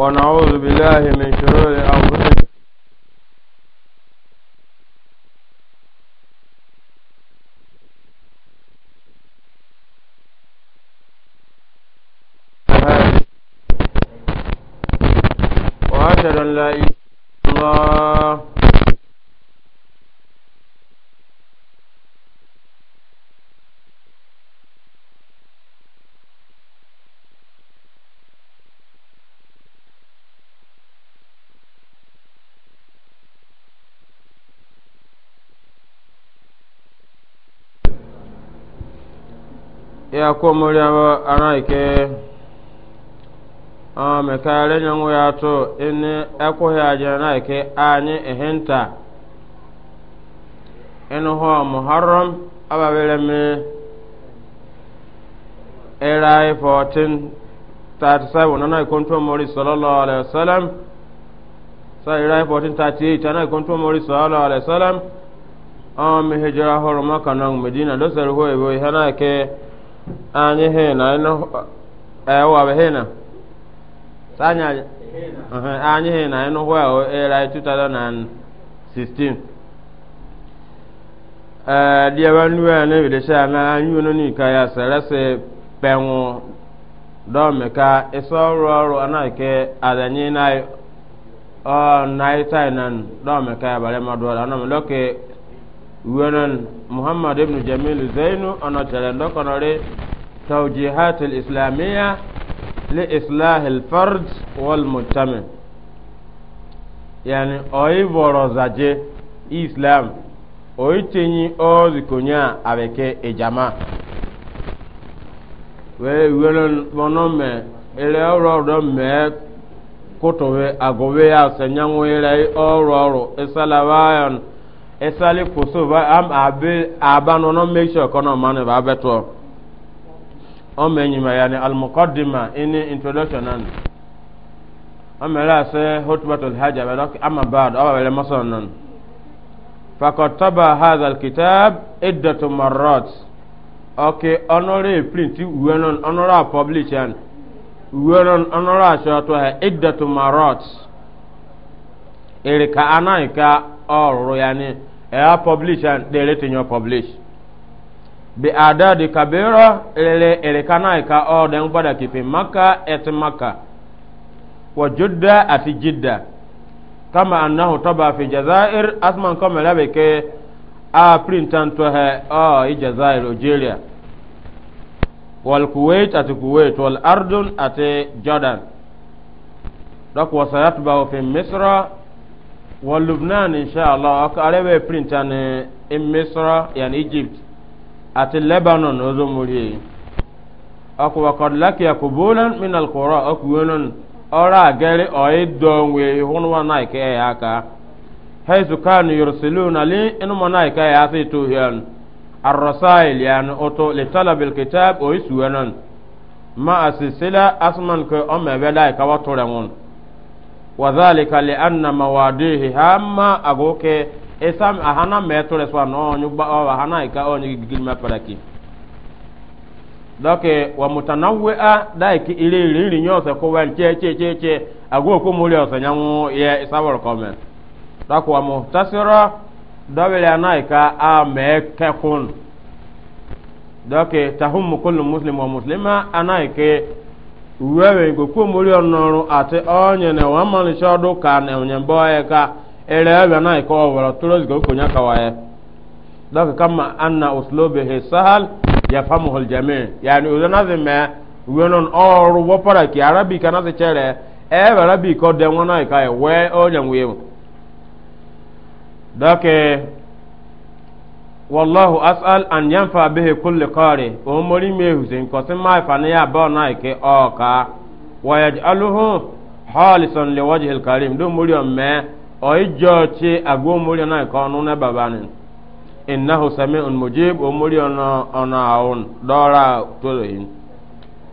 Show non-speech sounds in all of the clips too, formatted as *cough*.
ونعوذ بالله من شرور أنفسنا وأشهد أن لا إله ya komori aba anaike ame ka ale nyangu ya to ene ekwohi aje anaike anyi ehenta enu ho muharram aba bere me era 1437 nana ikonto mori sallallahu alaihi wasallam sa era 1438 nana ikonto mori sallallahu alaihi wasallam ame hijra horo maka nang medina do saru ho ebo hana ke Anyị hena ino ewa be hena sanya anyị hena 2016 eh dia banu ya ne bi na anyu no ni ka ya serese penwo do me ka ana ke adanyi na o na itai nan me ka bare ma muhammad ibn jamil zainu ana tẹ̀lé ndọ́kọ̀nọ́rẹ́ tawjihat islamiyya li islah alfard wal mujtami yani oyi boro zaje islam oyi tenyi ozi konya abeke ejama we welon bono me ele oro do me kotowe agowe ya senyanwe ile oro oro isalawayon esali koso ba am abe abano no make sure kono manu ba beto o oh, me nyima yani al muqaddima ini introduction an amela se eh, hutbatul haja ba lak amma ba'd awa oh, wala masan nan faqad taba hadha al kitab iddatu marrat okay onore print uwenon onora publish an uwenon onora shoto ha iddatu marrat erika anaika ọrụrụ oh, ya ni ya publish an dere tinyo publish bi adadi kabira ele ele kana ka o den bada kifi makka et makka wa judda ati jidda kama annahu taba fi jazair asman kama labe ke a printan to he o oh, i jazair algeria wal kuwait ati kuwait wal ardun ati jordan dok wasayatbahu fi misra wa lubnan inshallah aka arebe print an eh, in misra yani egypt ati lebanon ozo muri aku wa qad laki yakubulan min alqura aku wonon ora gari oyi donwe hunu wa naike ya aka haizu kanu yursiluna li inu ma ya الرسائل يعني أوتو لطلب الكتاب أو يسوانا ما أسلسلة أسمان كأم بلاي wadhalika lianna mawadihi hamma agoke esam ahana metore swa no nyuba o ahana ika o nyigi gilma paraki doke wa a daiki ili ile ile nyose ko che che che che ago ko muli o sanyangu ye isabor komen dako wa muhtasira dawele anaika a mekekun doke tahummu kullu muslim wa muslima anaike wewe go ko muri onoro ate onye na wa mani shodo ka na onye boye ka ele ebe na iko wala turos go kunya ka waye dak kama anna uslubihi sahal yafamuhu aljami yani udana zeme wenon oru wo para ki arabi kana ze chere e arabi ko de wona ka we onye nwe dak wallahu as'al an yanfa bihi kulli qari o mori me husin ko sin ma fa ne ya ba na ke o ka wa yaj'aluhu halisan li wajhi al-karim do mori o me o ijo chi ago mori na ko nu na baba ni innahu sami'un mujib o mori ona ona aun dora to yin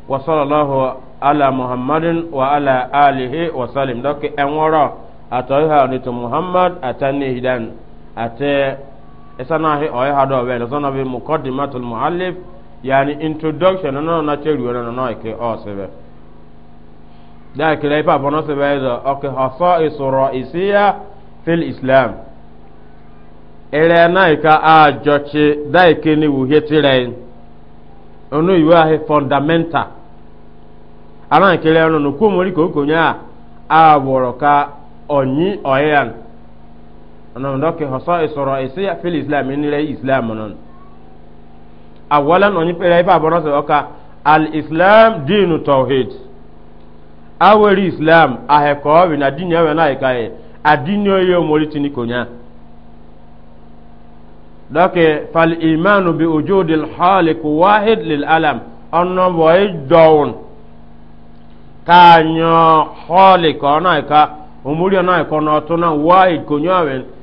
wa sallallahu ala muhammadin wa ala alihi wa sallim dokke enworo atoyi ni to muhammad atani hidan ate esana he oye hado we lo zona be muqaddimatul muallif yani introduction no na cheru na no ke o sebe da ke lai pa na sebe do o ke hasa'is ra'isiyya fil islam ele na ka a jochi da ke ni wu hetire onu iwe ahe fundamental ana ke le no ko mori ko ko nya a woro ka onyi oyi oyan onon doke hoso isoro isiya fil islam inire islam non awalan oni pere ifa bono se oka al islam dinu tawhid awori islam ahe ko wi na dinyo we na ikaye adinyo ye omoriti ni konya doke fal imanu bi wujudil khaliq wahid lil alam onno boy down kanyo khaliq ona ka omuri ona ko no to na wahid konyo awen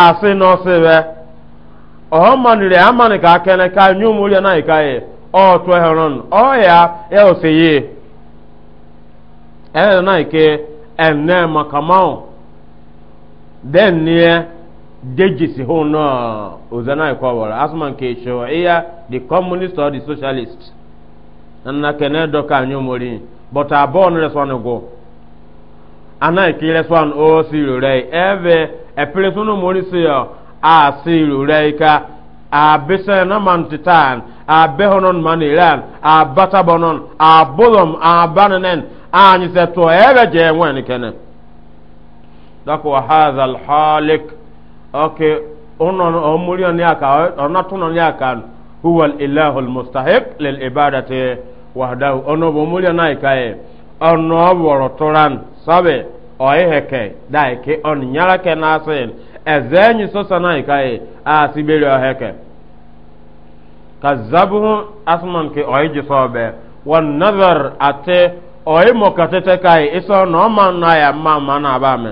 asị n'ọsịbẹ ọhọ mmanụrị amanị ka akene ka nye ụmụrị na ịka ya ọtụ ehere nụ ọya ya ose yi ẹnna na ike ẹnna makamau den nie dejisi hụ nọ oze na ịkọ wọrọ asụma nke ịchọ ịya the communist or the socialist na nna kene dọ ka nye but abụọ nọ n'esọ n'ụgwọ. ana kile swan o siru rei eve epile sunu morisio a siru rei ka a bese na mantitan a behonon manilan a batabonon a bolom a bananen anyi se to eve je wen kene dako wa haza al halik okay ono omurion yaka ono tunon yaka huwa al ilahu al mustahiq lil ibadati wahdahu ono omurion yaka e. ọnụ ọwọrọ tụran sabe ọyịheke daike ọnịnyarake na-asị eze enyi sosana ikaye asibere ka zabu asman ke ọyịji sọbe wọn nazar ate ọyịmọkatete kaye ịsọ na ọma na ya mma mma na aba ame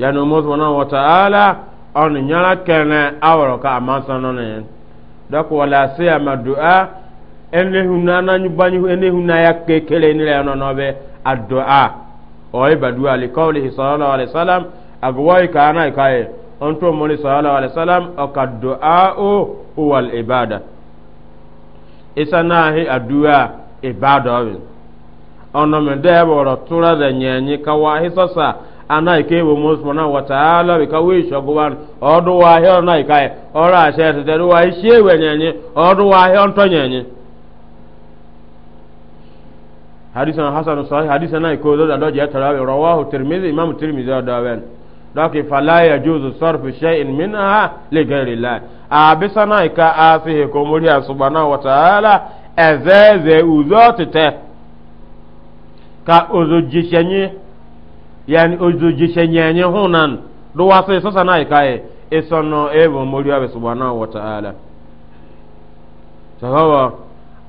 ya na umu subhanahu wa ta'ala ọnịnyarake na awọrọ ka amansa nọ na ya dọkụ wala siyama du'a enehuna nanyu banyu enehuna ya kekele nile anono be addu'a o ibadua li sallallahu alaihi wasallam agwai kana onto moni sallallahu alaihi wasallam o wal ibada addu'a ibada o ono me de boro tura de nyenyi sasa ana ike wo mo subhanahu wa ta'ala bi kawe shogoban odu wa he ona ikaye ora ashe de wa ishe wenyenyi odu wa onto nyenyi hadisa hasan sahih hadisa na ko da do ya tarawi rawahu tirmidhi imam tirmidhi da wen doki fala yajuzu sarfu shay'in minha li ghairi la abisa na ka asihi ko muri subhanahu wa ta'ala ezeze uzotete ka ozojishenye yani ozojishenyenye hunan do waso sasa na ka e isono ebo muri wa subhanahu wa ta'ala sahawa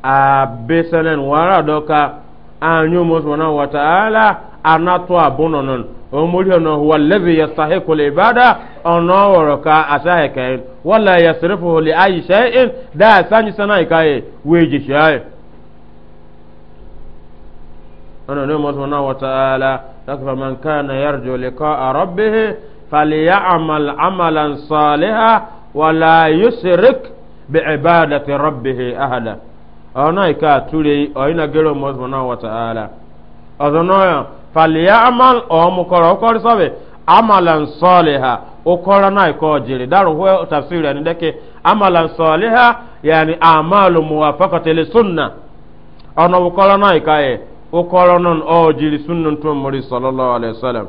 abisa nen wara doka أنيموس منا وتعالى أنا توا بونونون أموجنا هو الذي يستحق العبادة أن أورك أساهك ولا يصرفه لأي شيء دا سني سنايكاي ويجشاي أنا نموت منا وتعالى لكن من كان يرجو لقاء ربه فليعمل عملا صالحا ولا يسرك بعبادة ربه أهلا ona ika ture oyina gero mozmona wa ta'ala ozonoya falyamal ama ọmụkọrọ okori sobe amalan saliha okora na iko jiri daru ho tafsiri ni deke amalan saliha yani amalu muwafaqati li sunna ona okora na ika e okora non o jiri sunnun to muri sallallahu alaihi wasallam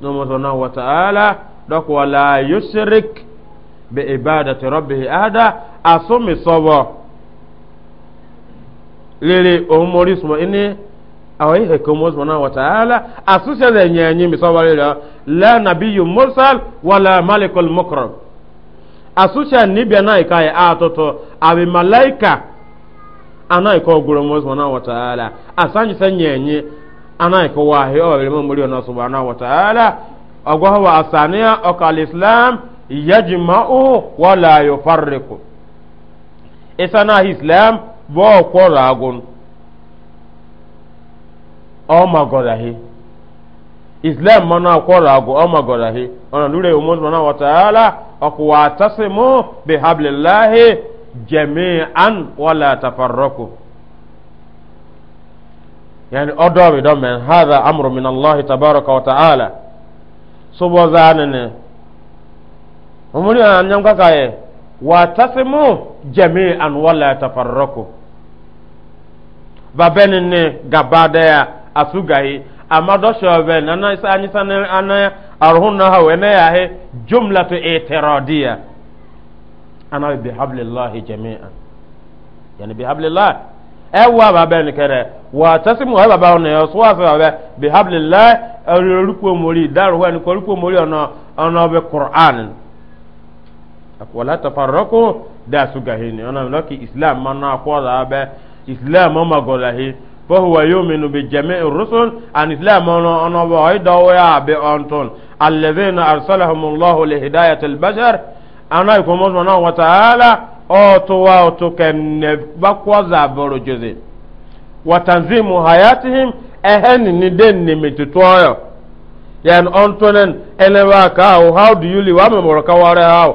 no mozmona wa ta'ala dok wala yushrik bi ibadati rabbih ahada asumi lele omori sumo ini awi hekomo subhanahu wa ta'ala asusia le nyenyi misawari la la n'abiyu mursal wala malikul mukram asusia nibia na ikaye atoto abi malaika ana iko guro mo subhanahu wa ta'ala asanyi se nyenyi ana iko wahi o bi mo muri ona subhanahu wa ta'ala agwa wa asania okal islam yajma'u wala yufarriqu isana islam bɔɔ kɔrɔ agun ɔma gɔdahi islam mana kɔrɔ agun ɔma gɔdahi ɔna lure yi umu mana wata ala ɔkuwa tasimu bi hablilahi jami'an wala tafarraku yani ɔdɔ bi dɔ mɛ hada amuru min allahi tabaraka wa ta'ala sobo zaani ne umu ni nyam kaka ye wa tasimu jami'an wala tafarraku babeni ni gabadaya asugahi amma do shobe nana isa anyi sanin ana na ha wene ya he jumlatu ya ana bi hablillahi jami'an yani bi hablillah ewa babeni kere wa tasimu wa baba ne so wa baba bi hablillah ruko mori daru wa ni ko ruko mori ona ona be qur'an wala tafarraqu da sugahini ona loki islam mana ko da be islam ma gola he فهو يؤمن بجميع الرسل أن إسلام أنا وعيدا بأنتون الذين أرسلهم الله لهداية البشر أنا يكون سبحانه وتعالى أوتوا وتكن بقوة برجزي وتنظيم حياتهم أهن ندن متتوايا يعني أنتون أنا وكاو how do you live أمي مركواري هاو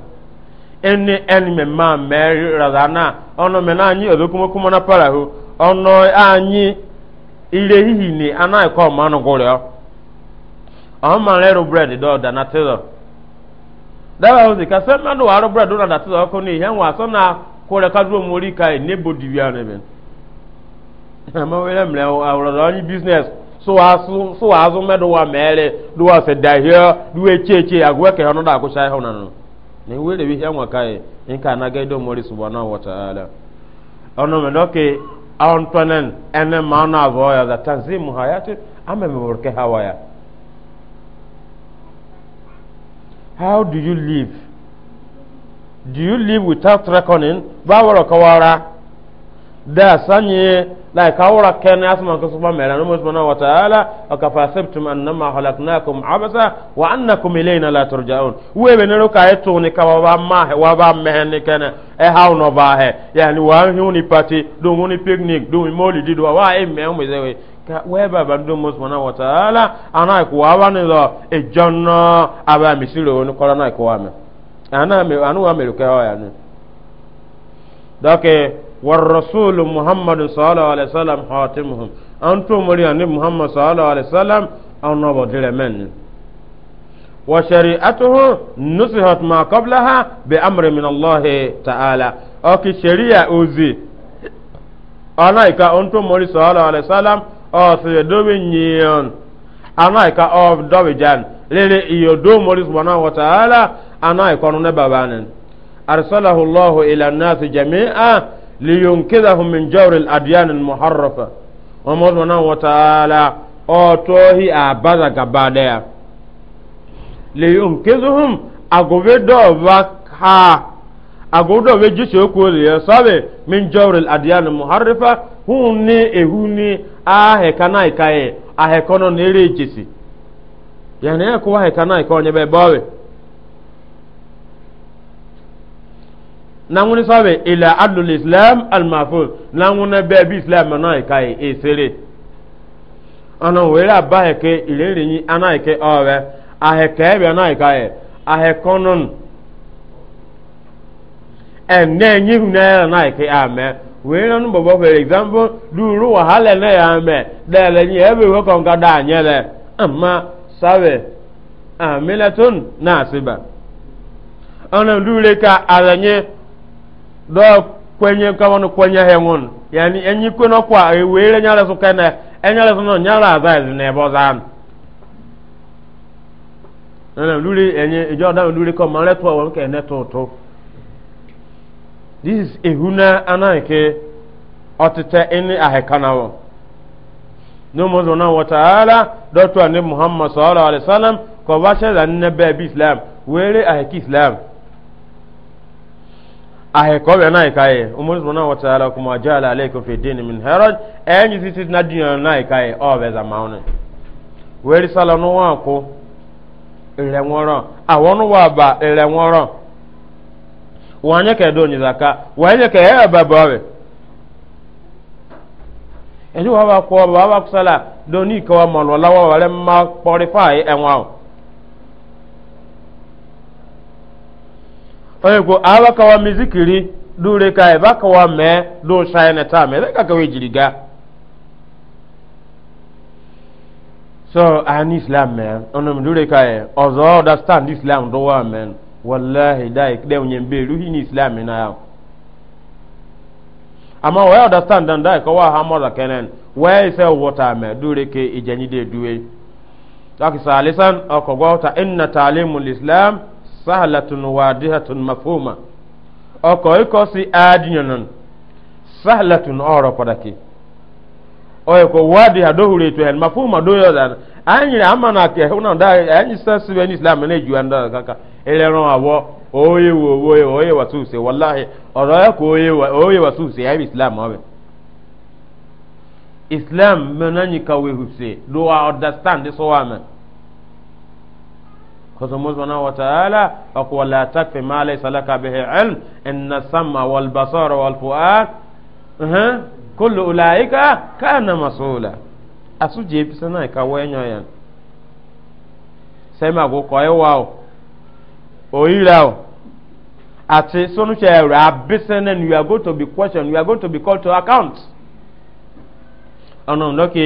eni enime ma meri razana ono mena anyi odokumo kumo na parahu ono anyi ile hihi na ana ko manu gore o ma lero bread do da na tezo dawa ozi ka se ma do waro bread do na tezo ko na kore ka duro mori kai ne *laughs* business so so mere do wa e da echeche da ne wele bi hɛn wa ka ye n ka na gɛdɔ mori subana wa taala ɔnɔ mɛ dɔ ke awon tɔnɛn ɛnɛ maa na vɔ ya da tanzi mu ha ya te an how do you live do you live without reckoning baa wɔrɔ ka waara daa la kawra ken asman ko suba mera no musbana wa ta'ala wa kafasabtum annama halaknakum abasa wa annakum ilayna la turja'un we be eh, no ka eto ni ka wa ma wa ba mehne ken e ha no ba he yani wa hu ni party do ngoni picnic do mi moli dido wa e me o zewe ka we ba ba do musbana wa ta'ala ana ko wa ni lo e jonna aba mi siro ni ko na ko wa me ana me anu wa me ko ya ni doke والرسول محمد صلى الله عليه وسلم خاتمهم أنتم مريان محمد صلى الله عليه وسلم أو نبضل من وشريعته نصحت ما قبلها بأمر من الله تعالى أوكي شريعة أوزي أنا إكا أنتم مري صلى الله عليه وسلم أو سيدوبي نيان أنا إكا أو دوبي جان للي إيودو مري سبحانه وتعالى أنا إكا نبابانن أرسله الله إلى الناس جميعا liyunkidahum min jawri al-adyan al-muharrafa wa mo subhanahu wa ta'ala o tohi a baza gaba daya liyunkidahum agobe do vakha agodo be jisi oku ya sabe min jawri al-adyan al-muharrafa hunni ehuni a hekana ikaye a hekono nere jisi yani ya kuwa hekana ikonye be bawe nanguni sabe ila adlul islam al mafuz nanguna be bi islam mana kai esere ana wera aba heke ilere ni ana ke owe a heke be ana kai a hekonon en ne nyi na ana ke ame wera no bobo for example duru wa hale na ya ame dele ni ebe we kon ga da anyele amma sabe amilatun nasiba ana dure ka alanye dɔɔ kwenye kama no kwenye he ngun yani enyi kweno kwa e wele nyala so kene enyala so no nyala za ez ne bo zan nana luli enye ejo da luli ko mare to won ke ne to to this is ehuna anake otete ini ahekana wo no mo zo na wa taala do to ne muhammad sallallahu alaihi wasallam ko ba she da ne be islam wele aheki islam ahe ko be nai kai umur subhanahu wa ta'ala kuma ja'ala alaykum fi din min haraj enyi sisit na din nai kai o be za mauna weri sala no wa ko ire nworo awon wa ba ire nworo wanye ka do nyizaka wanye ka ya ba ba we eju wa ba ko ba ba kusala do ni ko wa malwa lawa wale ma purify enwa oyego awa kawa mizikiri dure kai ba kawa me do shayne ta me ka kawe jiriga so an islam man onum dure kai ozo understand islam do wa man wallahi dai kide onye mbe ruhi ni islam na ya ama wa understand dan dai ko wa ha mo kenen wa ise wota me dure ke ijanyi de duwe Taki salisan okogota inna ta'limul islam sahlatun wadihatun mafhuma oko ikosi adinyonon sahlatun oro padaki oye ko wadiha do hureto hen mafhuma do yodan anyire amana ke una da anyi sasu ben islam ne juanda kaka ele ron awo oye wo oye oye wasuse wallahi oro ya ko oye oye wasuse ya islam awe islam menanyi kawe huse do understand so amen فسمو سبحانه وتعالى أقوى لا تكفي ما ليس لك به علم إن السمع والبصر والفؤاد أه. كل أولئك كان مسؤولا أسجي بسنا كوين يعني سيما قوي واو أويلاو ati sonu kyɛ ɛwura abisɛn na you are going to be questioned you are going to be called to account ɔnɔ ndɔkè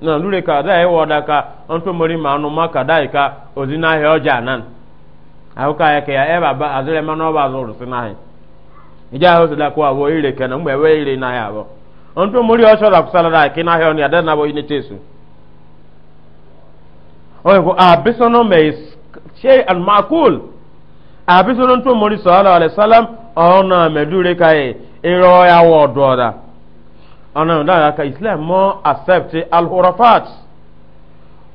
na lure ka da ewo da ka onto mori ma anu maka dai ka ozina he oja nan awu ka yake ya eba e ba azure ma no ba zuru sina he ija ho da ko awo ire ke na mbe we ire na ya bo onto mori o chora kusala da ke na he oni ada na bo ini tesu o ko a bisono me shay al maqul a bisono to mori sallallahu alaihi wasallam ona medure kai e, iro ya wo do da ana da aka islam mo accept al hurafat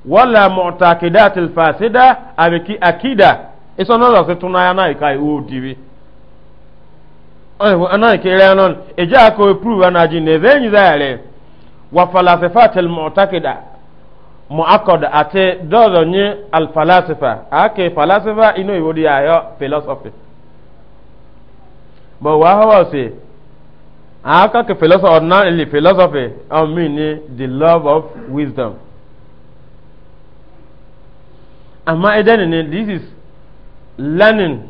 wala mu'taqidat al fasida abiki akida iso no se tuna ya na ikai o diwi ayo ana ke re non e ja ko prove na ji ne venyu da re wa falasifat al mu'taqida mu'akkad ate dodo ni al falasifa ake falasifa ino iwodi ayo philosophy bo wa hawa se aka ke philosophy ordinarily philosophy I mean the love of wisdom amma idan ne this is learning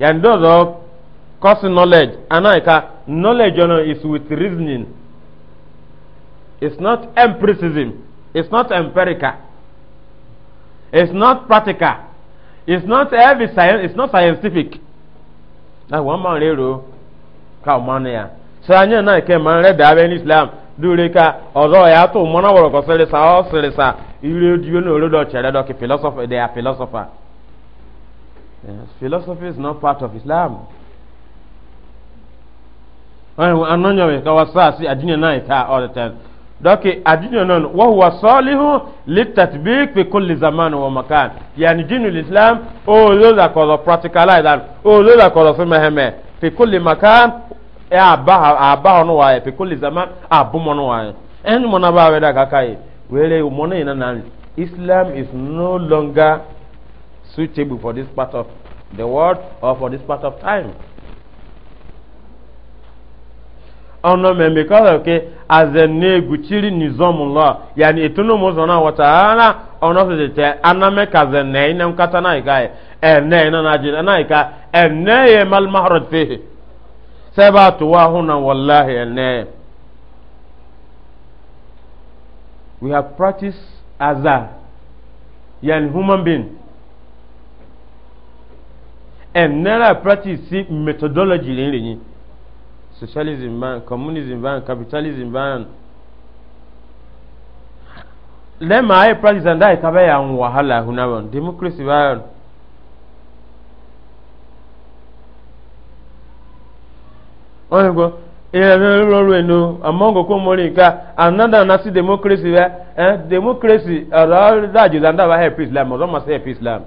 and those of course knowledge anaika knowledge you is with reasoning it's not empiricism it's not empirical it's not practical it's not every science it's not scientific na wọn máa ń rero ká ọmọ ní ya sanye na ke man re da ben islam dure ka ozo ya to mona woro ko sele sa o sele sa ire dio no ro do chere do ke philosopher they are philosopher yes, philosophy is not part of islam ayo anonyo we ka wasasi adine na e ka all the time doki adine non wa huwa salihu litatbiq fi kulli zaman wa makan yani dinul islam o lo la ko practicalize o lo da ko so meheme fi kulli makan Eh, e abaha abaho no waye pe kulli zaman abumo no waye en mo na bawe were na ina islam is no longer suitable for this part of the world or for this part of time ọ̀nà mẹ̀mí kọ́lọ̀ ke azẹ̀nẹ́ eguchiri nizọ́mù ya na ìtúnú mùsùn náà wọ́tà ara ọ̀nà sì tẹ̀ anamẹ́ka zẹ̀nẹ́ iná nkata e. e na ìka ya ẹ̀ na iná náà jẹ́ náà ya ẹ̀ náà yẹ sɛba to wa hona wallahi ɛnɛ we have practiced aza yan human being and nara practice si methodology le nrenyi socialism ban communism ban capitalism ban lẹ́mọ̀ ayé practice and ayé kábẹ́yà ń wàhálà hunaban democracy ban. onye go ịrịrịrịrịnu amongoko mori ka anada na si demokrasi ya eh demokrasi ọrọrịda jụza ndị abaghị epe islam ọzọ masị epe islam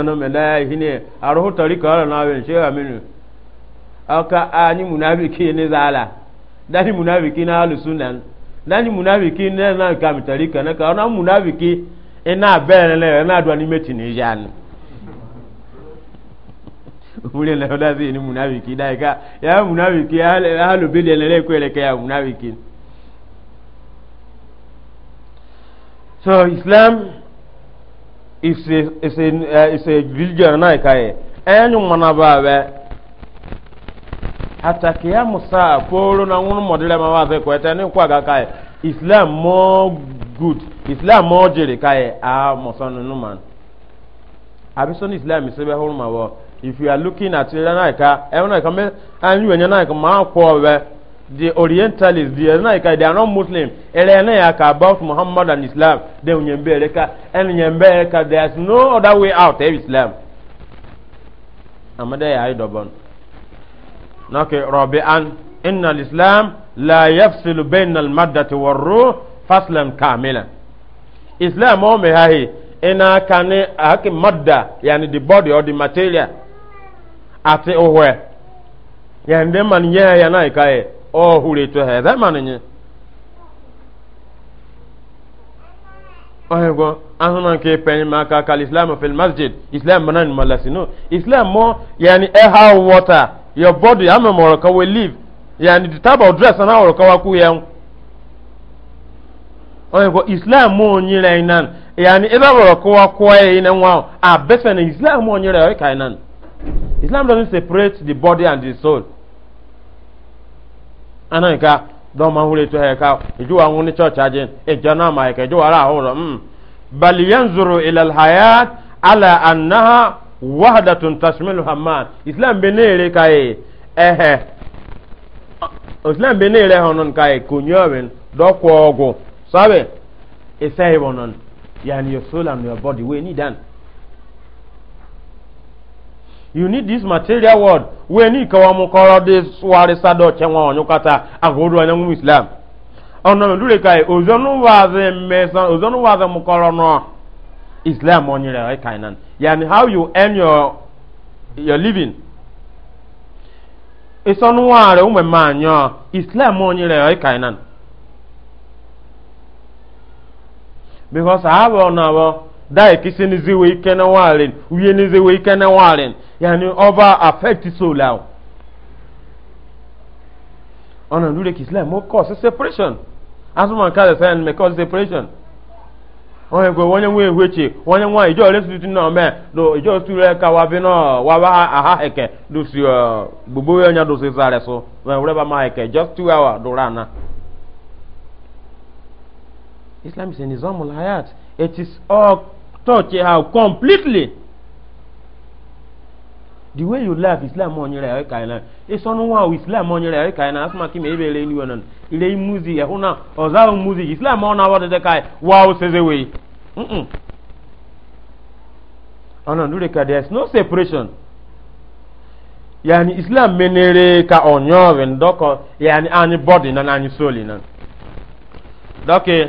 ọnụ meda ihe ne arụhụ tọrị ka ọrọ na abịa nche aminu ọka anyị mụ munafiki ne zala dani munafiki na alusunan dani munafiki na na ka mitari ka na ka na munafiki ina bẹrẹ na na adwa ni metin ijani mule na holazi ni munafiki dai ka ya munafiki ya halu bili na kuelekea ya munafiki so islam is a is a uh, is a religion na kai enyu mana bawe hata kiamu saa polo na ngunu modele ma wa ko eta ni kwa ga kai islam mo good islam mo jere kai eh. ah, a mo sonu numan abi sonu islam sebe hurma wo if you are looking at it na ka e na ka me an you na ka ma ko we the orientalists the na ka they are not muslim ele na ya ka about muhammad and islam they unyen be ka en unyen be ka there is no other way out of islam amada ya ido bon nake rabi'an inna islam la yafsilu bayna al-maddati war faslam faslan kamilan islam o oh, me hahi ina kane haki madda yani the body or the material ati uhwe ndị man ye ya na ikaye ọ hụrụ etu ha ebe man nye ohego ahuna ke penye maka kal islam of masjid islam manan no islam mo ya ni e how water your body amemoro ka we ya yani the type of dress na oro ka wa ya yen oyego islam mo onyire nan yani ebe oro ka wa ku na nwa abese na islam mo onyire o kai nan Islam doesn't separate the body and the soul. Ana nka dɔw ma wuli to hɛ ka ijo wa ŋun ni church ajin ijo e na ma ka ijo wa ra hɔrɔ mm. Bal yanzuru ila alhayat ala annaha wahdatun tashmilu hamman. Islam bɛ ne yɛrɛ ka ye ɛhɛ. Islam bɛ ne yɛrɛ hɔnɔn ka ye ko nyɔɔbin dɔ kɔɔgo sabe e isɛyi wɔnɔn yani your soul and your body we ni dan you need this material world wey ni kawo mu kɔrɔ de suwari sadɔ kyɛ wɔn ɔnyu kata agodo ɔnyɛ mu islam ɔnɔ oh, mi lure ka yi ozɔnu waaze mɛsɔn ozɔnu waaze mu kɔrɔ nɔ islam ɔnyerɛ ɔyɛ kan nan yanni how you earn your your living isɔnu waare ume maa nyɔ islam ɔnyerɛ ɔyɛ kan nan because ahabɔ ɔnabɔ. da ikisi ni ziwe ike na waren uye ni ziwe ike na waren yani over affect so law ona ndure ki islam mo cause separation asuma ka se en me cause separation wọn yẹ pé wọn yẹ wọn ehu ijo wọn yẹ wọn ìjọ ọlẹsùn tuntun náà mẹ do ìjọ sùúrù ẹka wà bí aha ẹkẹ do si ọ uh, gbogbo yẹn nyà do si sáré so wọn wúrẹ bá má ẹkẹ just two hour do rana. islam is a nizam hayat it is all touch her completely the way you laugh islam on your eye kaina isonu wa islam on your eye kaina asma ki me bere ni wonan ile muzi ya huna oza muzi islam on awade de kai wa o seze we mm ana ndure ka there's no separation yani islam menere ka onyo wen doko yani any body na any soul na doke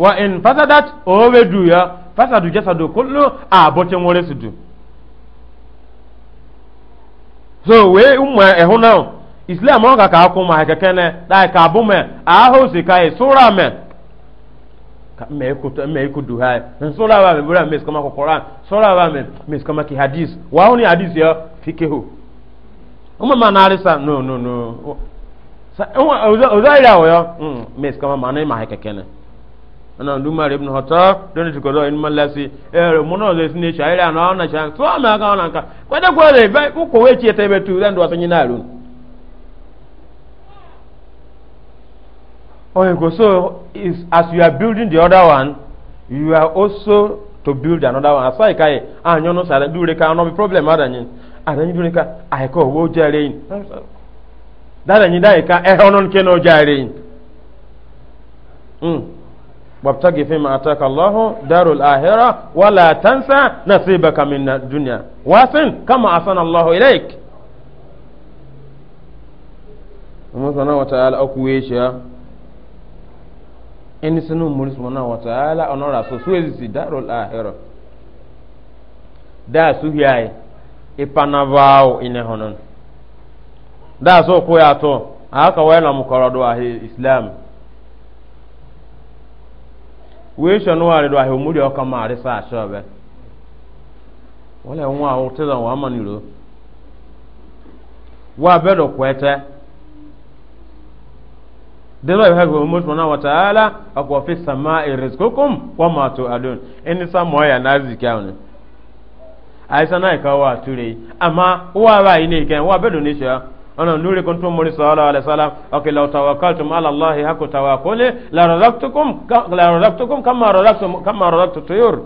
wa in fasadat owe ya fasadu jasadu kullu a bote ngore sudu so we umma e ehu now islam on ka ka ko ma ka kene da ka bu me a ho se ka sura me ka me ko to me ko duha sura wa me bura me kama ko quran sura wa me me kama ki hadis wa honi hadith ya fikihu umma manarisa no no no sa oza oza ya wo yo me kama manai ma ka kene ana ndumar ibn hatab don shi kozo in mallasi eh mono zai sine shi na ona shan so ma ga ona ka kwada kwada bai ku ko wece ta be tu zan do san yana ru oh go so is as you are building the other one you are also to build another one asai kai anyo ah, no sara dure ka no problem adanyin ah, adanyin dure ka ai ah, ko wo jare yin dai ka ke eh, no jare wabtagi fima ataka Allahu darul akhirah wala tansa nasibaka min dunya wasin kama asana Allahu ilaik Allah subhanahu wa ta'ala akuwesha eni sinu muri subhanahu wa ta'ala onora so suwezi si darul akhirah da su hiyaye ipanavao ine honon da so kuyato aka wela mukorodo ahi islam weesha no waare do ahe omuri ɔka maare saa ahyɛ wɔlɛ ho a wɔte dɛ wɔn no ro wa bɛ do kɔɛtɛ yɛ wa taala ɔkɔ fi sama kokom to adon ɛni sa mɔ ayisa na ka yi ama yi ne ana nuri kun tun muri sala alaihi wasallam okay law tawakkaltum ala allah haku tawakkuli la razaqtukum la razaqtukum kama razaqtum kama razaqtu tuyur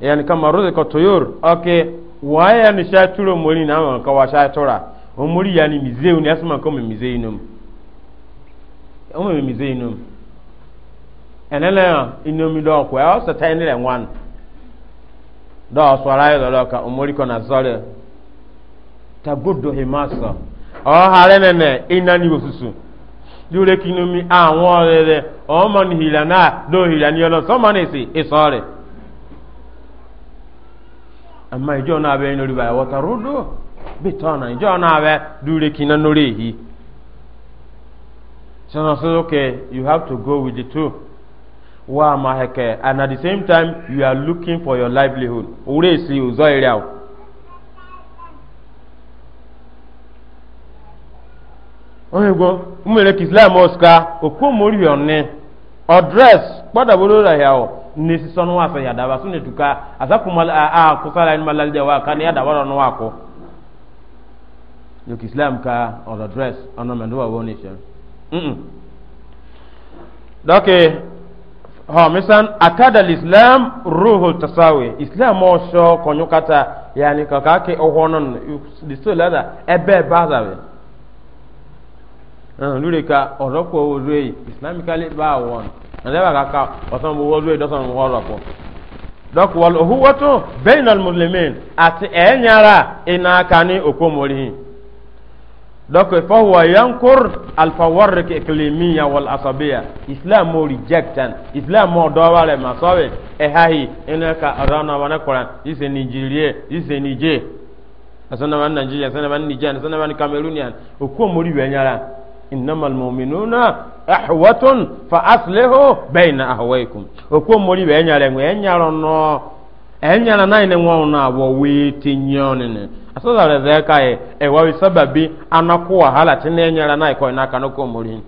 yani kama ruzika tuyur okay waya ni turo muri na ma ka wa shatura umuri yani mizeu ni asma ko mizeu num umu mizeu num enele inomi do ko ya sa tayni le ngwan do so yo do ka umuri ko na zore tagodo himasa ɔhare ne ne ina ni osusu yore kinu mi awon rere ɔmo ni hila na do hila ni ɔlɔ sɔmɔ ne si isɔre ama ijo na abe nori ba wata rodo bi tɔna ijo na abe dure kinu nori ehi sɔnɔ sɔ okay you have to go with the two wa ma heke and at the same time you are looking for your livelihood ore si ozɔ eri awo. onyego mmere ka islam oska okomori onne odres kpadabolo la yawo nesi sɔnu wasa yadaba sunu etuka asakumal a a kusala yin malal de wa kani yadaba lɔ nuwa ko yoki islam ka ɔdɔ dres ɔnɔ mɛ nuwa wo ne sɛ mm dɔke hɔ misan akada lislam ruhu tasawe islam ɔsɔ kɔnyukata yani kaka ke ɔhɔnɔn lisolada ɛbɛ baasa bɛ nanu lure ka ọ̀rọ̀ kọ ozu eyi islamically bá a wọn ndébà kaka ọ̀sán bu ozu eyi dọ́sán bu ọ̀rọ̀ kọ. dọ́kù wọlé òhu wọ́tún bẹ́ẹ̀ nà mùsùlùmí àti ẹ̀ẹ́nyàrá iná aka ní òkú mọ́lì. dọ́kù ìfọwọ́ yankur islam mọ́ rejectan islam mọ́ dọ́wọ́ rẹ̀ mà sọ́wọ́ ẹ̀háhì iná ka ọ̀rọ̀ náà wọn kọ́ra ìsẹ̀ nìjíríà ni nigeria sanaba ni nigeria sanaba ni cameroonian òkú mọ́lì wẹ̀nyàrá innama almu'minuna ahwatun fa aslihu bayna ahwaykum okwo mori be nyare ngwe nyaro no enyara na ine nwa na abo we tinyone ne asoda re ze kai e wa sababi anakuwa hala tin enyara na iko na kanoko mori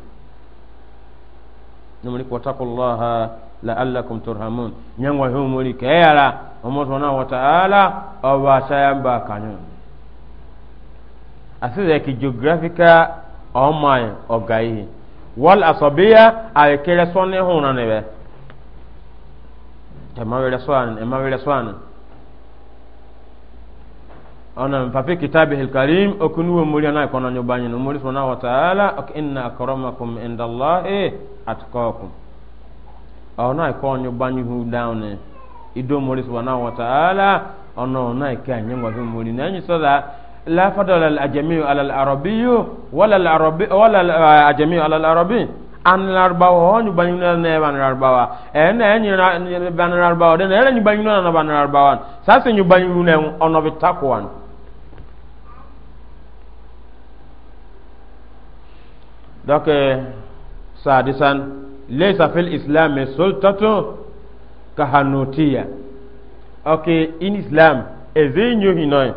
numri wataqullaha la'allakum turhamun nyangwa hu mori kayara omoto na wa ta'ala oba sayamba kanyo asida ki geographical a ọmọye ọgaihi wọl asọbiya ayekele sọni hụna nebe emawere sọani emawere sọani ọnà papi kitabi hilkarim okunuwo muri ana ikọna nyoba nyi na muri sọna wataala e akọrọmakum indallahi atukọkum ọna ikọ nyoba nyi hu dawn ido muri sọna wataala ọna ọna ike anyi ngwa hu na na enyi sọda لا فضل الأجمي على العربي ولا العربي ولا الأجمي على العربي an larbawa ho nyu banyu na ne ban larbawa e na nyu na ban larbawa de na nyu banyu na ban larbawa sa se nyu banyu ne ono bitakwan donc eh, sadisan laysa fil islam sultatu kahanutiya okay in islam ezinyu hinoy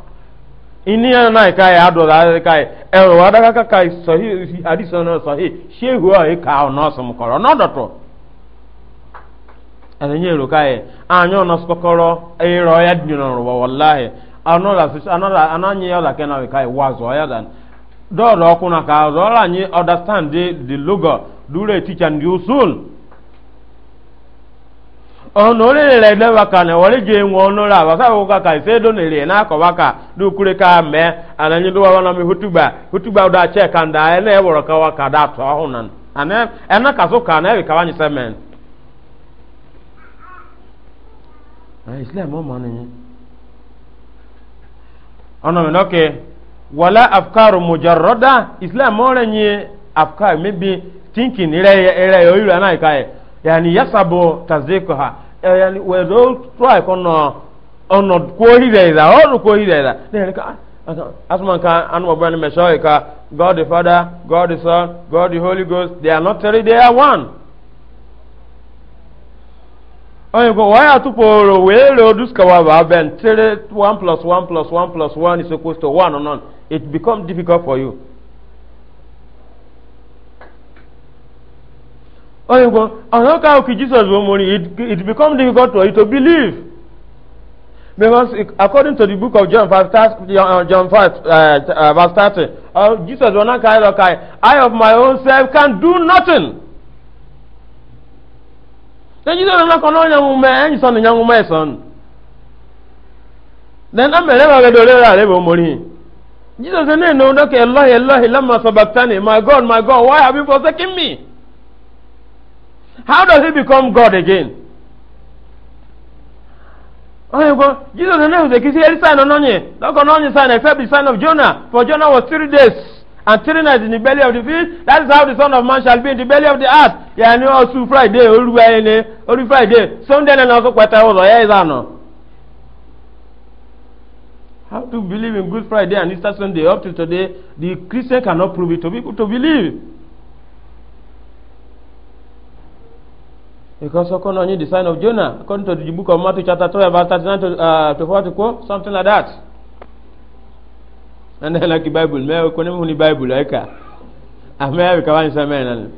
ini yana na ka ya do da ka e ro wa da ka ka sahi hadisi na sahi shehu a e ka no so mo koro no do to ana nye ro ka e anyo no so koro e ro ya di no ro wallahi ano la fi ano la ananye ya la kenawe ka wa zo ya dan do ro ku na ka ro la nyi understand the logo dure teacher ndi usul ọnụ olilere ne waka ne wari je nwe ọnụ ra waka wụka ka do na rie na akọ waka du kure ka me ananyi do wa na mi hutuba hutuba da che ka nda e na eworo ka waka da to ho nan ana ka so ka na e ka wanyi semen na islam o mani ono mi noke wala afkaru mujarrada islam o renyi afkar mi bi thinking ire ire yo iru anai kai yani yasabu tasdikuha yani wedo try kono ono kori reza ono kori reza then ka asman ka anu babani meshoy ka god the father god the son god the holy ghost they are not three they are one onye go why atuporo we lo duskawa ba ben 3 1 plus 1 plus 1 plus 1 is equal to 1 or none it become difficult for you onye gwo ọnụ ka oke jesus bụ omori it become difficult for you to believe because according to the book of john five uh, john five uh, uh, verse thirty uh, jesus bụ ọnụ ka ịlọ ka i of my own self can do nothing. then jesus ọnụ ka ọnụ onye nwụme enyi sọ na onye nwụme sọ then amere ma gado rere ale bụ omori jesus said no no okay elohi elohi lama sabachthani my god my god why have you forsaken me. How does he become God again? Oh, go. Jesus knew the kisi any sign on onye. Not on onye sign except the sign of Jonah. For Jonah was three days and three nights in the belly of the fish. That is how the Son of Man shall be in the belly of the earth. Yeah, I know also Friday, Oluwaene, Olu Friday, Sunday and also Kwetahozo. Yeah, is ano. How to believe in Good Friday and Easter Sunday up to today, the Christian cannot prove it to people to believe. because okay, on the sign of Jonah, according to the book of Matthew chapter 12, verse 39 to, uh, to 40, something like that. And then like the Bible, me kone muni Bible like a ah, me have kawan sa men.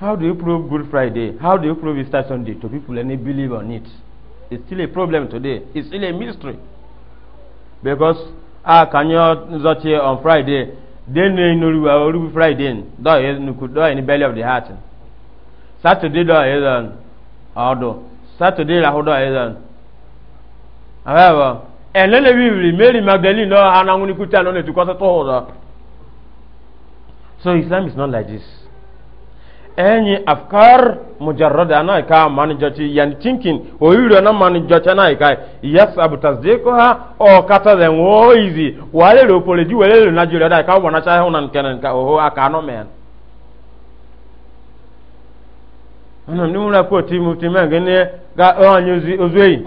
How do you prove Good Friday? How do you prove Easter Sunday to people and they believe on it? It's still a problem today. It's still a mystery. Because ah can you here on Friday den ne nuru wa oru friday do ye nuku do in belly of the heart saturday do ye don odo saturday la hodo ye don awaba ele le bibli mary magdalene no anangu nikuta to tell tukoto to hodo so islam is not like this enyi afkar mujarrada na ka man jati yan tinkin o yiro na man jati na ka yas abu tasdiqu ha o kata den wo izi wale lo pole ji wale lo na jiro da ka wona cha hunan kenan ka o aka no men ana ni mura ko ti mu ti men gene ga o nyuzi ozwei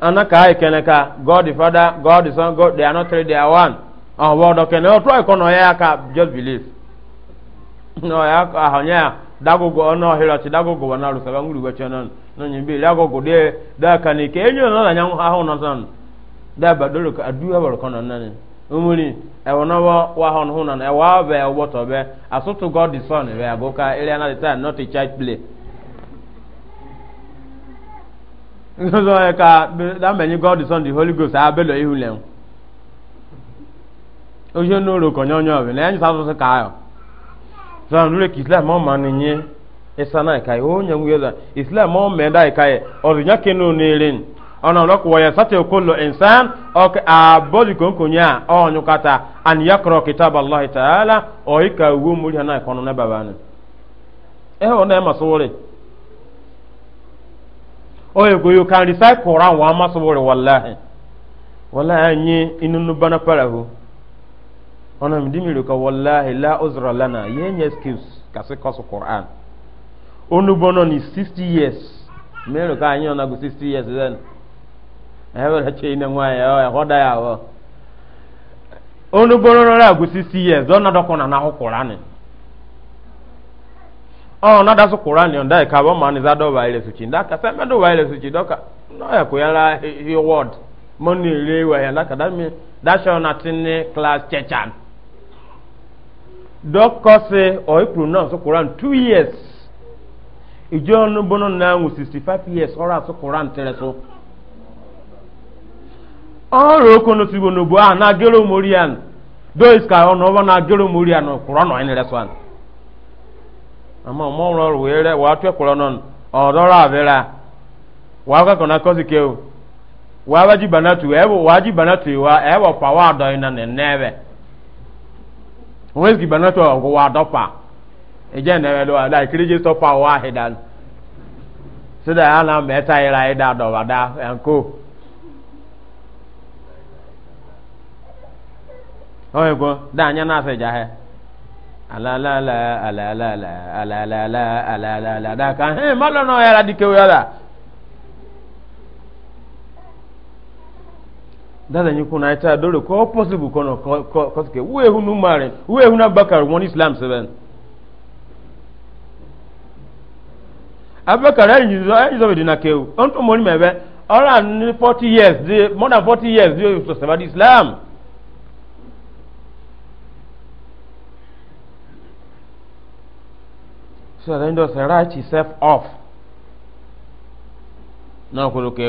ana ka ai kenan ka god the father god the son god they are not three they are one o wo do kenan o try ko no ya ka just believe no ya ahonya dagogo ono hiro dagogo wana rusa ba nguru gwecho non bi nyimbi dagogo de da kanike enyo no na nyanwu ha hono son da ba dolo ka adu ha bor kono nani umuri e wono wa wa hon huna na e wa be god the son be agoka ile na not a child play nzo e ka da god the son the holy ghost o. no ro nyo be na enyo sa so ka ayo so nure ka islam o man nye na kai o nya ngue da islam o me dai kai o nya ke no ne ọ na lo ko ya sate ko lo insan o ke a bodi ko ko nya o nyu kata an yakro kitab allah taala o ika wu muri na ko no na baba ni e ho na masore o ye go you can recite quran wa masore wallahi wallahi nyi inunu bana hụ. ono mi dimi ka wallahi la uzra lana yen excuse kasi kosu qur'an onu bono ni 60 years mero ka anyo na 60 years then ewe la che na nwa ya hoda ya o onu bono no la 60 years ona doko na na qur'an na da su qur'an ka ba ma ni za do ba ile nda ka se me do ba ile no ya ya la word money le wa ya la ka da mi da na tin class chechan dɔkɔse ɔyɛ pronounce so two years ìjọ no bono nan wò years ɔra so koran tẹrɛ so ɔrò kono ti bono a na gero morian dois ka ɔno ɔbɔ na gero morian koran ɔyɛ nira so an ama ɔmɔ ɔrɔ wòye rɛ wòa tẹ keo banatu banatu wa pa wọ́n sì gbẹ̀nà tó ọ̀gọ́ wa dọ́pà ìjẹ́ ìnáwó lọ́wọ́ àdá ìkíríjì sọ́pà wọ́ àhìdá sídà yà nà mẹ́ta yìí ra ìdá dọ̀wà dá ẹ̀ńkó. wọ́n yìí kó dá ànyẹ́ náà sèjà hẹ́ alalala alalala alalala alalala dá kan ẹ̀ má lọ́nà ọ̀yàrá dìkẹ́ wíwá dà. dada nyi kuna ita dole ko possible kono ko ke we hunu mare we hunu bakar won islam seven abakar ayi nyi zo ayi zo dina ke on to moni mebe ora ni 40 years the more than 40 years you to serve islam so then does right self off now ko ke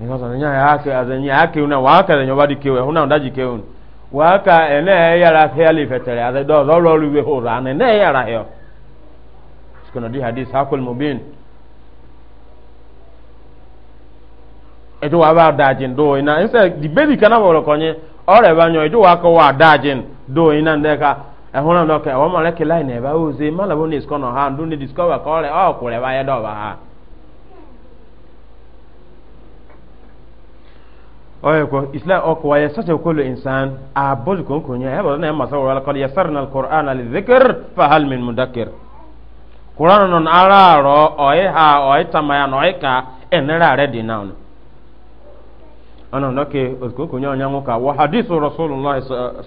nikasa nya yake azenye yake una waka zenye wadi kiwe una ndaji kiwe waka ene ya la thali fetele azay do do lo luwe ho ra ne ya la yo skuna di hadith hakul mubin edu aba dajin do ina ese di bebi kana wo konye ore banyo edu waka wa dajin do ina ndeka ehuna ndoke awomo leke line ba uzi mala boni skono ha ndu ni discover kole o kule ba ya do ba ha oye ko isla o ko waye sasa ko lo insan a bol ko ko nya heba na ma sawala qad yasarna alquran lidhikr fa hal min mudakkir qur'an non ara ro oye ha oye tamaya no ka enera re di naun ana ndoke ko ko nya nyango ka wa hadithu rasulullah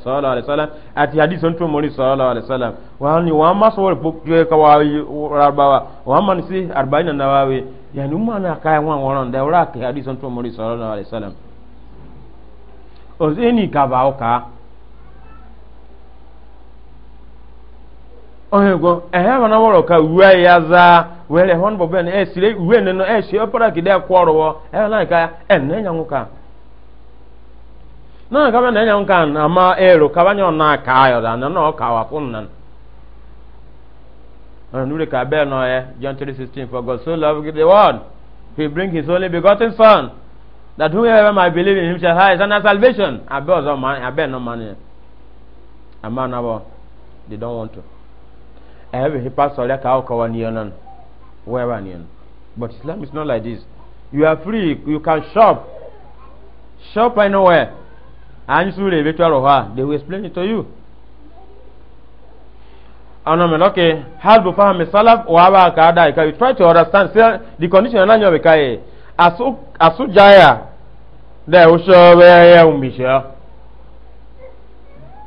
sallallahu alaihi wasallam ati hadithu ntu mori sallallahu alaihi wasallam wa ni wa ma sawal bu ka wa rabawa wa man si 40 nawawi yani umma na kaya wa wonon da wa ka hadithu ntu mori sallallahu alaihi wasallam eni kaba ụka ohego ehe na wọrọ ka uwe ya zaa were hon bobe na esi uwe neno esi e opara kide kwọrọwọ ehe na ka en na nyanwu ka na ka na nyanwu ka na ma ero ka banya na ka ayo da na no ka wa fun nan and nure ka be no e, John 3:16 for God so loved the world he bring his only begotten son that whoever might believe in him shall have eternal salvation. I bear no money. I bet no money. A man about they don't want to. Every hippo like that cow cover neon, wherever neon. But Islam is not like this. You are free. You can shop. Shop anywhere. And you the virtual her. They will explain it to you. Ana mɛ lɔke hal bu fahami salaf wa ba ka da ka you try to understand the condition asu asu jaya da ya umbisha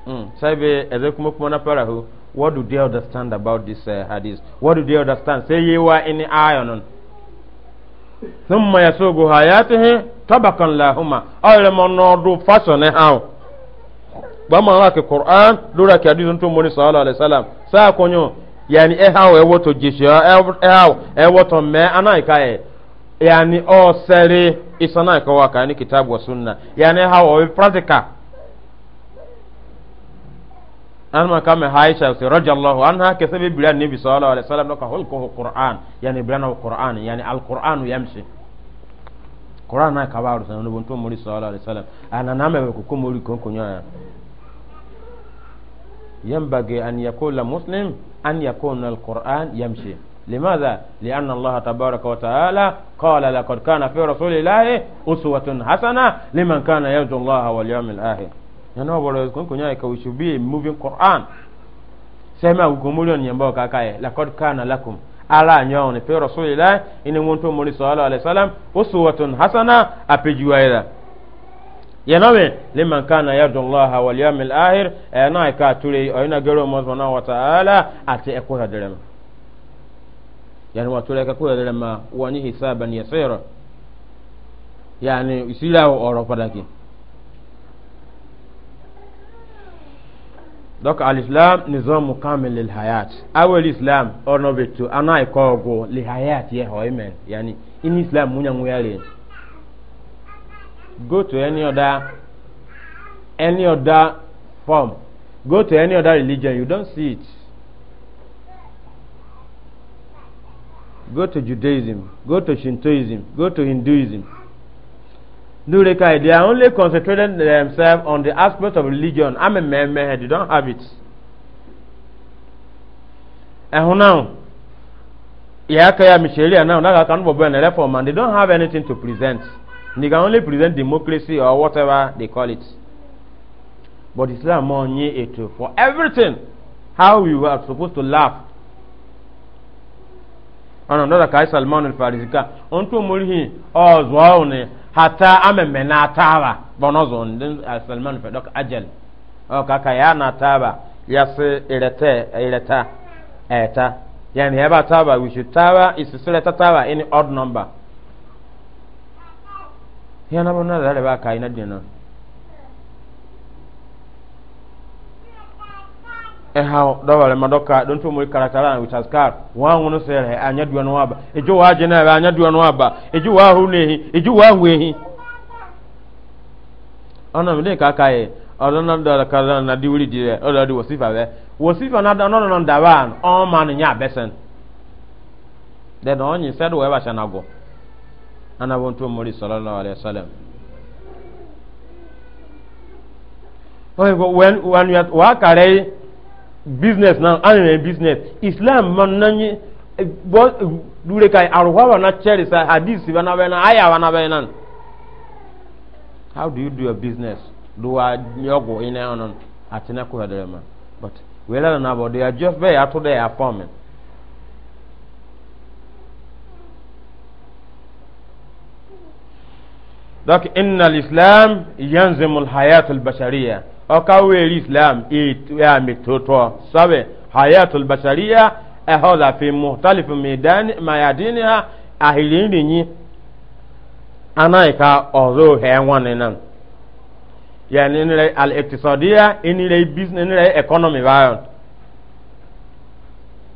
mm sabe kuma kuma na farahu what do they understand about this uh, hadith what do they understand say ye wa in ayonon thumma yasugu hayatihi tabakan lahuma awle monodu fashion how gbama ra ke qur'an lura ke hadith tun moni sallallahu alaihi wasallam sa konyo yani e how e woto jisha e e woto me yani o sere isana ka waka ni kitabu wa sunna yani hawa we pratika anma kama haisha radhiyallahu anha kasabi bila nabi sallallahu alaihi wasallam ka hulku qur'an yani bila qur'an yani alquran yamshi qur'an na ka baro sanu buntu muri sallallahu alaihi wasallam ana name ko ko muri ko ko nyaa yambage an yakula muslim an yakuna alquran yamshi لماذا لأن الله تبارك وتعالى قال لقد كان في رسول الله أسوة حسنة لمن كان يرجو الله واليوم الآخر yana wa bɔrɔ kun kun y'a ye ka wusu bi muvin qur'an sɛmɛ wugun muliyɔn yɛn bɔ k'a k'a ye lakɔd kaana lakum ala ɲɔgɔn ni fɛrɛ sɔli la i ni ŋun to muli sɔɔla alayhi salam o suwatun hasana a pejuwa ye la yana mi liman kaana ya dɔn laha waliya mil ahir ɛ eh, n'a ye k'a ture o ye na gɛrɛ o mɔzɔn na wa taala a ti ɛ ko ha dɛrɛ ma yani watuleka kulelema wani hisaban yasira yani isilawo oro padaki donc alislam nizamu kamil lilhayat awel islam ono bitu ana ikogo lihayat ye hoimen yani in islam munyangu yale go to any other any other form go to any other religion you don't see it go to Judaism, go to Shintoism, go to Hinduism. Nurekai, they are only concentrating themselves on the aspect of religion. I'm a man, man, they don't have it. And now, Yakaya Michelia now, now I can't go and reform, and they don't have anything to present. They can only present democracy or whatever they call it. But Islam, for everything, how we were supposed to laugh ana ndoda kai salman al farisika on to murihi o zwawo ne hata amemme na taba bono zon din salman fe dok ajal o kaka ya na taba ya se irete ireta eta yani ya ba taba we should taba is seleta taba any odd number yana bono da ba kai na dinan eha dawale madoka don to mo karakara which has car wa aba ejo wa je na anya aba ejo wa hu ne ejo wa hu ehi mi le ka ka e na na di wuri di be na no no da ba ma besen de no nyi ba na go ana won to mo ri sallallahu alaihi business now anime business islam man nanyi eh, bo eh, dure kai arwa wana cheri sa hadisi na wana aya wana wana how do you do your business do a nyogo ina ono atina ko hadrama but wela na bo they are just there to their apartment donc inna l'islam yanzimu al hayat al bashariyah ọka wẹẹri islam ìyàmì tótó sọbẹ hayatul bashariya ẹhọdà fi muhtalifu mayadini ha ahìrìnrìnyí anáyíká ọ̀rọ̀ ẹ̀wọ̀n nínú yẹn nílẹ̀ alẹ́tìsọ̀díyà nílẹ̀ bísí nílẹ̀ ẹ̀kọ́nọ́mì báyọ̀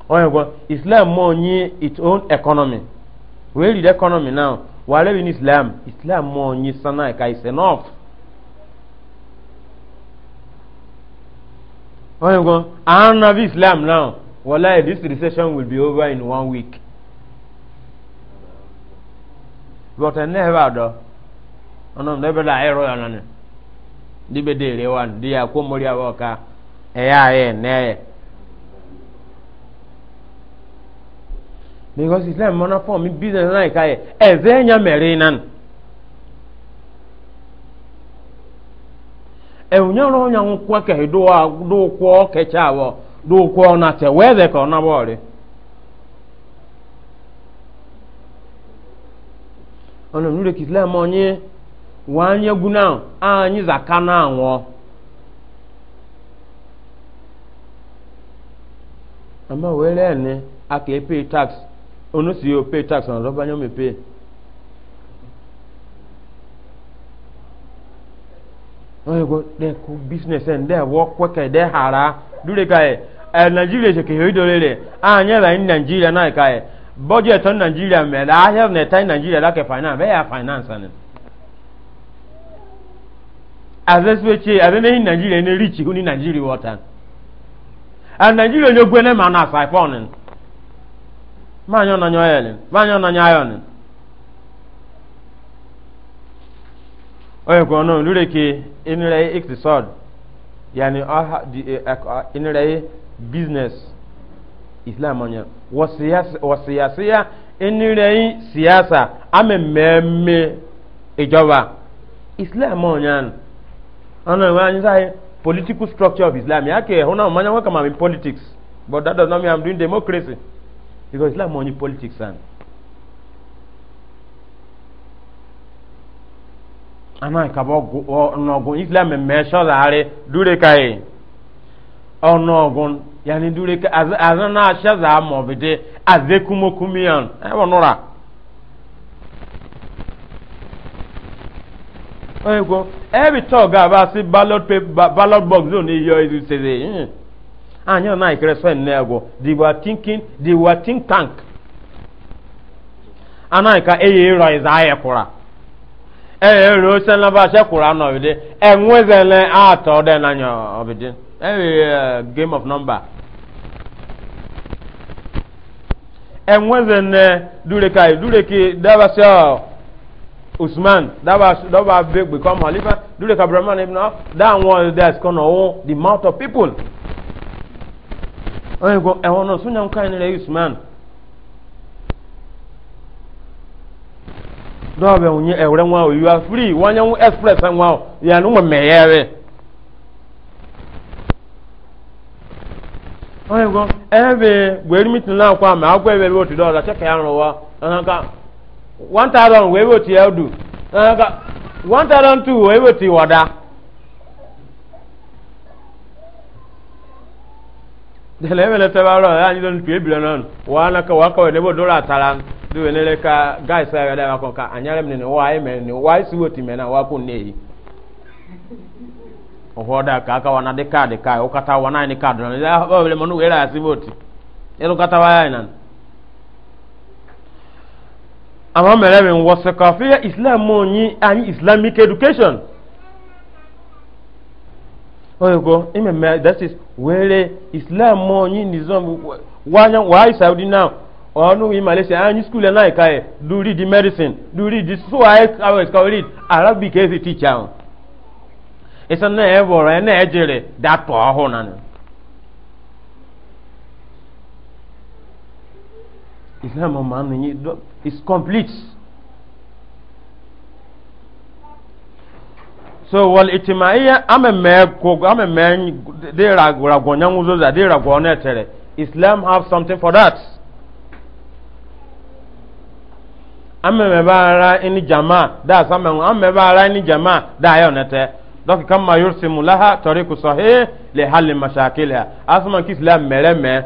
wọ́n yẹ kó islam mọ̀ ní its own economy wẹ́ẹ̀rì economy náà wàá lẹ́bi ní islam islam mọ̀ ní sanáyíká is enough. wọ́n yẹn gan àánú àbí islam now wọ́lá this recession will be over in one week but ẹ̀ náà ẹ̀ bá dọ̀ ọ̀nà ọ̀dọ́ bẹ̀rẹ̀ àyẹ̀rọ yọ̀ nani díbẹ̀ dé èrè wa di àkó mórí àwọ̀ ká ẹ̀yà ayẹ̀ nẹ́ẹ̀. because islam mọ́ná fọ́ọ̀mù business náà ìka yẹ ẹ̀zẹ̀ ẹ̀yàn mẹ̀rin náà. enyoro onye nkwa ka do do kwo kecha awo do kwo na te wede ka na bori ono nure kislam onye wanye guna anyị zaka na anwo ama were ne aka e pay tax ono si o pay tax on robanyo me pay oye go de ko business en de wo ko ke de hara dure kai e nigeria je ke hoido lele a nya ah, la in nigeria na kai budget on nigeria me la have na time nigeria la ke finance be ya finance ne azesweche azene in nigeria ne rich hu ni nigeria water and nigeria no gwe na ma na sai phone ma nyo na nyo ele ma nyo na nyo ayon oye ko no lure ke inire iktisad yani e, inire business islam anya wasiyasiya inire siyasa amememe ìjọba islam anya ana wa anyi sai political structure of islam yake huna manya kama in politics but that does not mean i'm doing democracy because islam only politics and ana ka bɔ ɔnɔgun islam mɛsɔ laare dure ka ye ɔnɔgun yanni dure ka azan na sɛ zaa mɔbide aze kumo kumiyan ɛ e, wɔ nora. oye ko e ga ba si ballot paper ballot box zone ni yɔ iru sese hmm eh. a na ikere sɔn ne ko they were thinking they were think tank ana ka eye rɔ ɛza e ayɛ kora ɛyɛ ro sɛnɛ ba sɛ kura nɔ bi de ɛŋwe zɛlɛ atɔ dɛ na nyɔ ɔbi game of number ɛŋwe zɛnɛ dure ka yi dure ki daba sɛ usman daba daba be gbe kɔ mɔ alifa dure ka brahman ibn ɔ da wɔn dɛ sikɔ nɔ wo the mouth of people ɔyɛ ko ɛwɔn nɔ sunjata kan yi ni rɛ usman. dɔw bɛ nye ɛwɛrɛ ŋwa o you are free wanya ŋu express ŋwa o yanni ŋun mɛ yɛrɛ. wọ́n yẹ kó ẹ bẹ gbèrú mi tún náà kó àmì àgbo ẹ bẹ one thousand bí o ti dù one thousand two bí o ti dẹ̀lẹ́ mi bá rọ̀ tù ébìrẹ̀ náà wọ́n á kọ́ wọ́n á kọ́ àtàlà. do enere ka guys sa ga da ko ka anyare mne wa ai men ni wa si woti men na wa ko nei oho da ka ka wana de ka de ka o kata wana ni ka do na ba le monu era si woti elo kata wa ai nan ama mere mi wo se ka fi islam mo ni ani islamic education oyogo oh, ime me that is where islam mo ni nizam wa wa saudi now ọ̀nù yìí malaysia ẹ̀ ní skul ẹ̀ náà ẹ̀ka ẹ̀ do read the medicine do read the so I always call read arabic ẹ̀ fi teacher ọ̀hún ẹ̀sẹ̀ náà ẹ̀ wọ̀rọ̀ ẹ̀ náà ẹ̀ jẹrẹ̀ dàtọ̀ ọ̀hún náà. islam ọmọ anu yìí is complete. so wal itimaiyya amẹmẹ kogo amẹmẹ de ragọnyanwuzo de ragọnẹtẹrẹ islam have something for that. ameme ini jama da ini jama da ayo nete donc kama yursimu laha tariku sahih li halli mashakiliha asuma ki islam mere me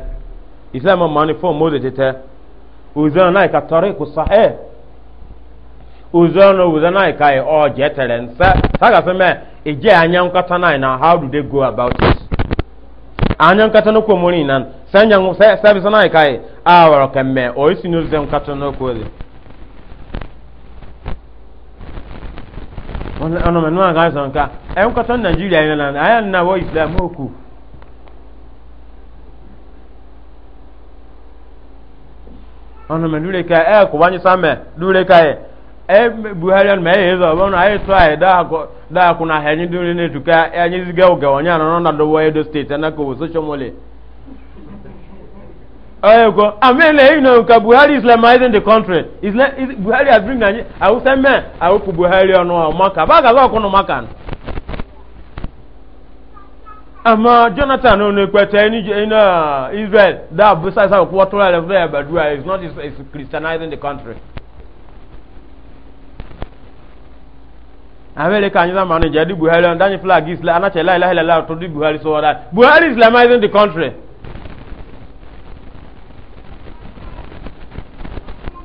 islam mani fo mode tete uzana na ka tariku sahih uzana uzana ka e o jetere nsa saka feme ije anya nkata na na how do they go about it anya nkata no nan sanya ngu e, kemme o zem ko ọ̀nà mẹ́nu àga ẹ̀sán ká ẹ̀yìn nkọta Naijiria yẹn na àyà nínú àwọ̀ islam òkú. ọ̀nà mẹ́nu lè ka ẹ̀ kò wáyé sámẹ̀ lórí ka yẹ ẹ̀ buhari ọ̀nà mẹ́yẹ̀ yẹn sọ ọ̀bọ̀n náà ayé tó àyè dáa kùnà ẹ̀yìn anyị ní ètùkà ẹ̀yìn zigẹ́ edo ọyọkọ amẹ́lẹ̀ yìí nà nka buhari islamizing the country islam is buhari has bring nàìjíríà àwùsẹ mẹ àwùkù buhari ọ̀nà ọ̀mọ́kà báàgà bá ọkọ̀ ọ̀mọ́kà nù. àmọ́ jonathan ọ̀nà ìpẹ̀tẹ̀ iná israel dá àbúsá ìsá òkú wọ́tọ́ rẹ̀ fún ẹ̀bẹ̀dúrà is not is christianizing the country. amẹ́lẹ̀ kan yín sàmánù ìjẹ́ di buhari ọ̀nà dání flag islam anáṣẹ́ láìláìláì tó di buhari sọ́wọ́dá buhari islamizing the country.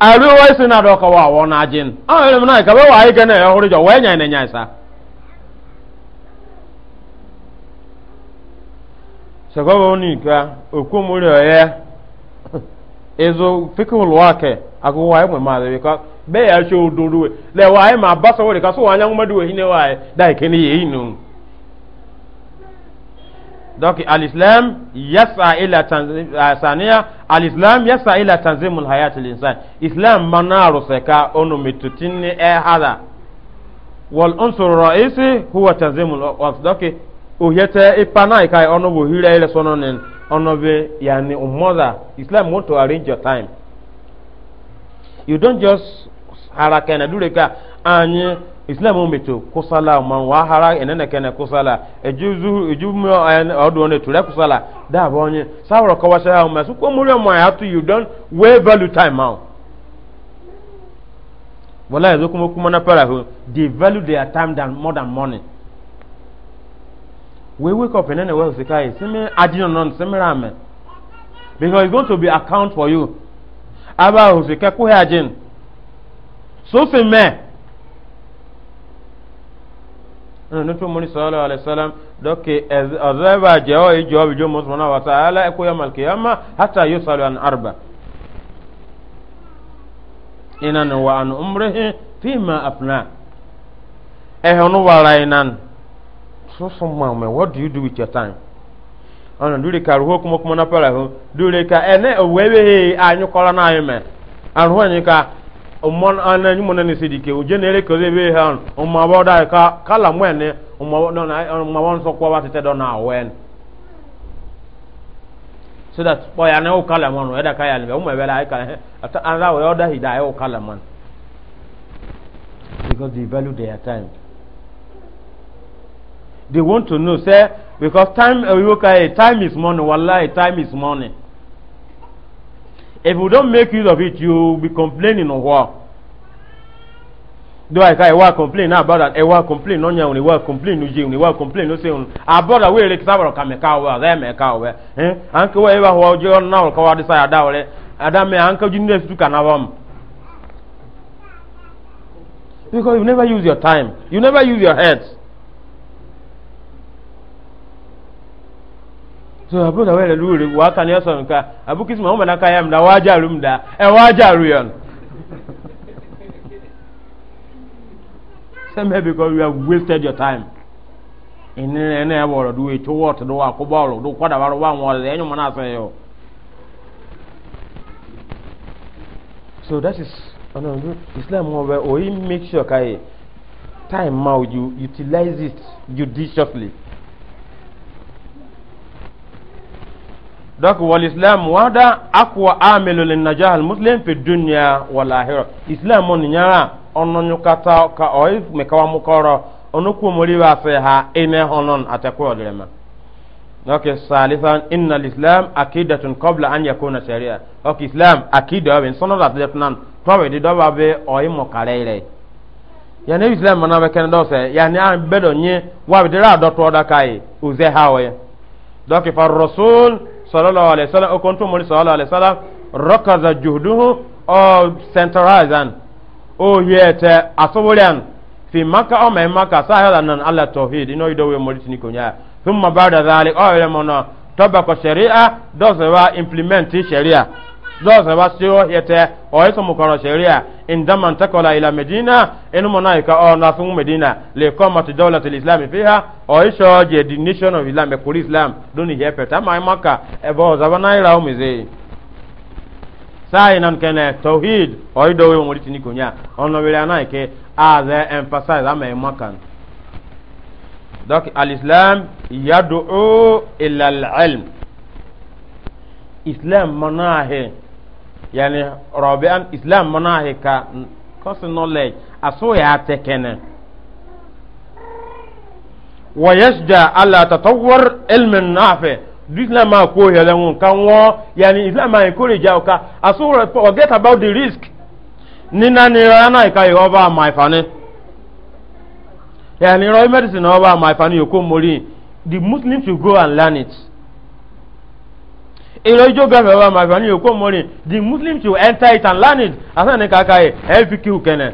aru wai isi na-adọka wa na jin an yi muna ka bai wa aike na ya huri jo wai nyai ne nyai sa shagaba wani ka oku muri ya sho dodo le wai ma basa wori ka so *laughs* donc alislam yasa ila tanzania euh, alislam yasa ila tanzimul hayati linsan islam manaro seka onu mitutinni e hada wal unsur raisi huwa tanzimul was donc uhiyata ipana ikai onu bu hira ile sononin onu be yani umoda islam want to arrange your time you don't just harakena dureka anyi islam meto kusala man wahara enene kene kusala ejuzu ejumu odo ne ture kusala da bonye sawro ko wasa ma su ko muri mo ya to you don't weigh value time out wala yazo kuma kuma na para ho they value their time than more than money we wake up enene well sikai simi adino non simi rame because it's going to be account for you aba ho sikai ko hajin so simi nutu muni sallallahu alaihi wasallam doki azaba jawo yi jawabi jomo subhanahu wa ta'ala ko yamal qiyama hatta yusalu an arba inan wa an umrihi fima afna e honu wala inan so so mama what do you do with your time ana dure ka ruho kuma kuma na para ho dure ka ene owewe anyu kola na ayi me arho anyi ka umman ana nyumona ni sidike ujenere kore be han umma boda ka kala mwene umma no na umma won so kwa watete do na wen so that boy ana o kala mon da ka ya ni umma bela ai ka ata ana o yoda hida o kala mon because they value their time they want to know say because time uh, you okay, time is money wallahi time is money if you don't make use of it you will be complaining on what do i say ewa complain na about that ewa complain no nya ewa complain no je ewa complain no se un about that we rekisa baro ka me ka wa za me ka wa eh anke we ewa ho je on na ka wa disa ya da me anke ju ne su kana wam because you never use your time you never use your head so abu na wele luri wa kan ya son ka abu kisma umma na kayam da waja rum da e waja ruyon some here because you have wasted your time in in na woro do it to what do wa ko bolo do kwada waro wa won le enyu na sen yo so that is ano oh islam oh, wo be o oh, make sure kai time ma you utilize it judiciously donc walislam wada akwa amilu linnajah almuslim fi dunya walahira islam on nyara ononyu kata ka oif mekawa mukoro onoku muri wa se ha ene honon atakwa dilema donc salisan inna alislam akidatun qabla an yakuna sharia ok islam akida ben sono da detnan tawe di doba be oyi mokareire yani islam manabe ken do se yani an bedo nye wa bidira do to kai uze hawe donc fa rasul sallallahu alaihi wasallam o kon to mo sallallahu alaihi wasallam rakaza juhduhu o centralizan o yete asobolian fi maka o mai maka sahara nan allah tawhid ino ido we mo tini ko nya thumma ba'da zalik o le mo no toba ko sharia do se wa implement sharia do se wa sio yete o eso mo ko sharia عندما انتقل إلى مدينة إن منايك أو نافون مدينة لإقامة دولة الإسلام فيها أو إيشو جي دي نيشن أوف إسلام بكل إسلام دوني جي بيتا ما يمكا إبو زبانا إلا ومزي ساينان كان توحيد أو إدوي وموليتي نيكونيا أنو بلانا إكي آذي emphasize أما يمكا دوك الإسلام يدعو إلى العلم إسلام مناهي yani robe an islam mana hika kosi knowledge aso ya e tekene wa yasja ala tatawwur ilmin nafi islam ma ko hele ngun kan wo yani islam ma encourage ka aso forget about the risk nina ni rana e ka yo ba my fani yani roy medicine over my fani ko mori the muslims should go and learn it èrò ijó bẹ́ẹ̀ bẹ́ẹ̀ máa fẹ́ ní yòókù mọ́rin the muslims will enter it and learn it Asan ní kaka yẹ ẹ̀ fi kí kẹ́nẹ̀.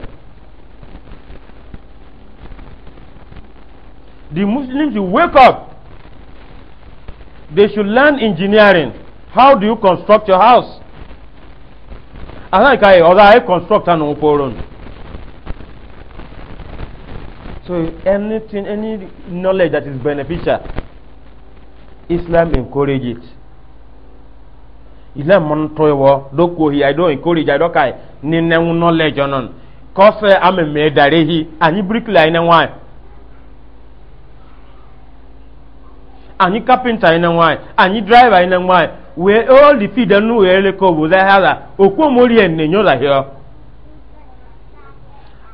the muslims will wake up they should learn engineering how do you construct your house Asan ní kaka yẹ ọ̀dà ẹ̀ construct àná òkòrò. so anything any knowledge that is beneficial islam encourage it. ila mon toywo do ko hi aido en kori jado kai ni ne un knowledge onon ko se eh, ame me dare hi anyi brick line nwa eh, anyi carpenter ina nwa anyi driver ina eh, nwa we all the feed anu we le ko bu da hala okwo mori en ne nyola here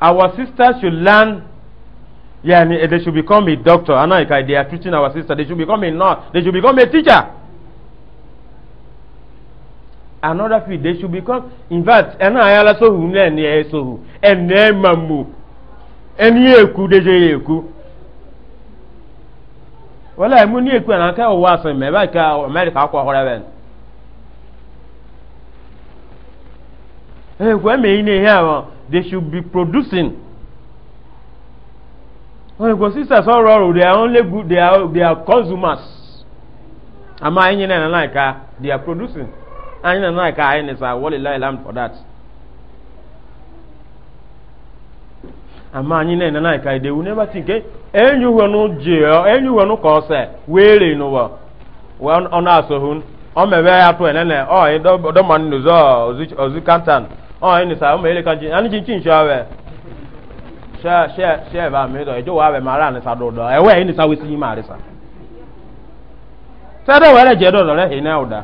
our sisters should learn yani they should become a doctor ana they are treating our sister they should become a nurse they should become a teacher another field they should become in fact ẹnu ayala sohu ní ẹni ẹ sohu ẹni ẹ ma mo ẹni eku deje yẹ eku wọlé ẹmu ní eku ẹnà kẹwàá wá sọ mẹ báyìí ká amẹrika kọ ọhọrẹ bẹ eku ẹmẹ yìí ní they should be producing wọn eku sisters ọrọ ọrọ they are only good they are they are consumers àmọ ẹyin náà nínú àyíká they are producing. anyị na anaghị ka anyị nisa wọlila ilam for that ama anyị na anaghị eh, ka idewu n'ebe ti nke enyi uhenu jeo enyi uhenu ka ọsẹ weere ọ na-asọhun ọ mebe ya ọ anyị dọmanụ n'ụzọ ozu kantan ọ anyị nisa ọ mere ka nchi anyị ji nchi nchi awe share share share were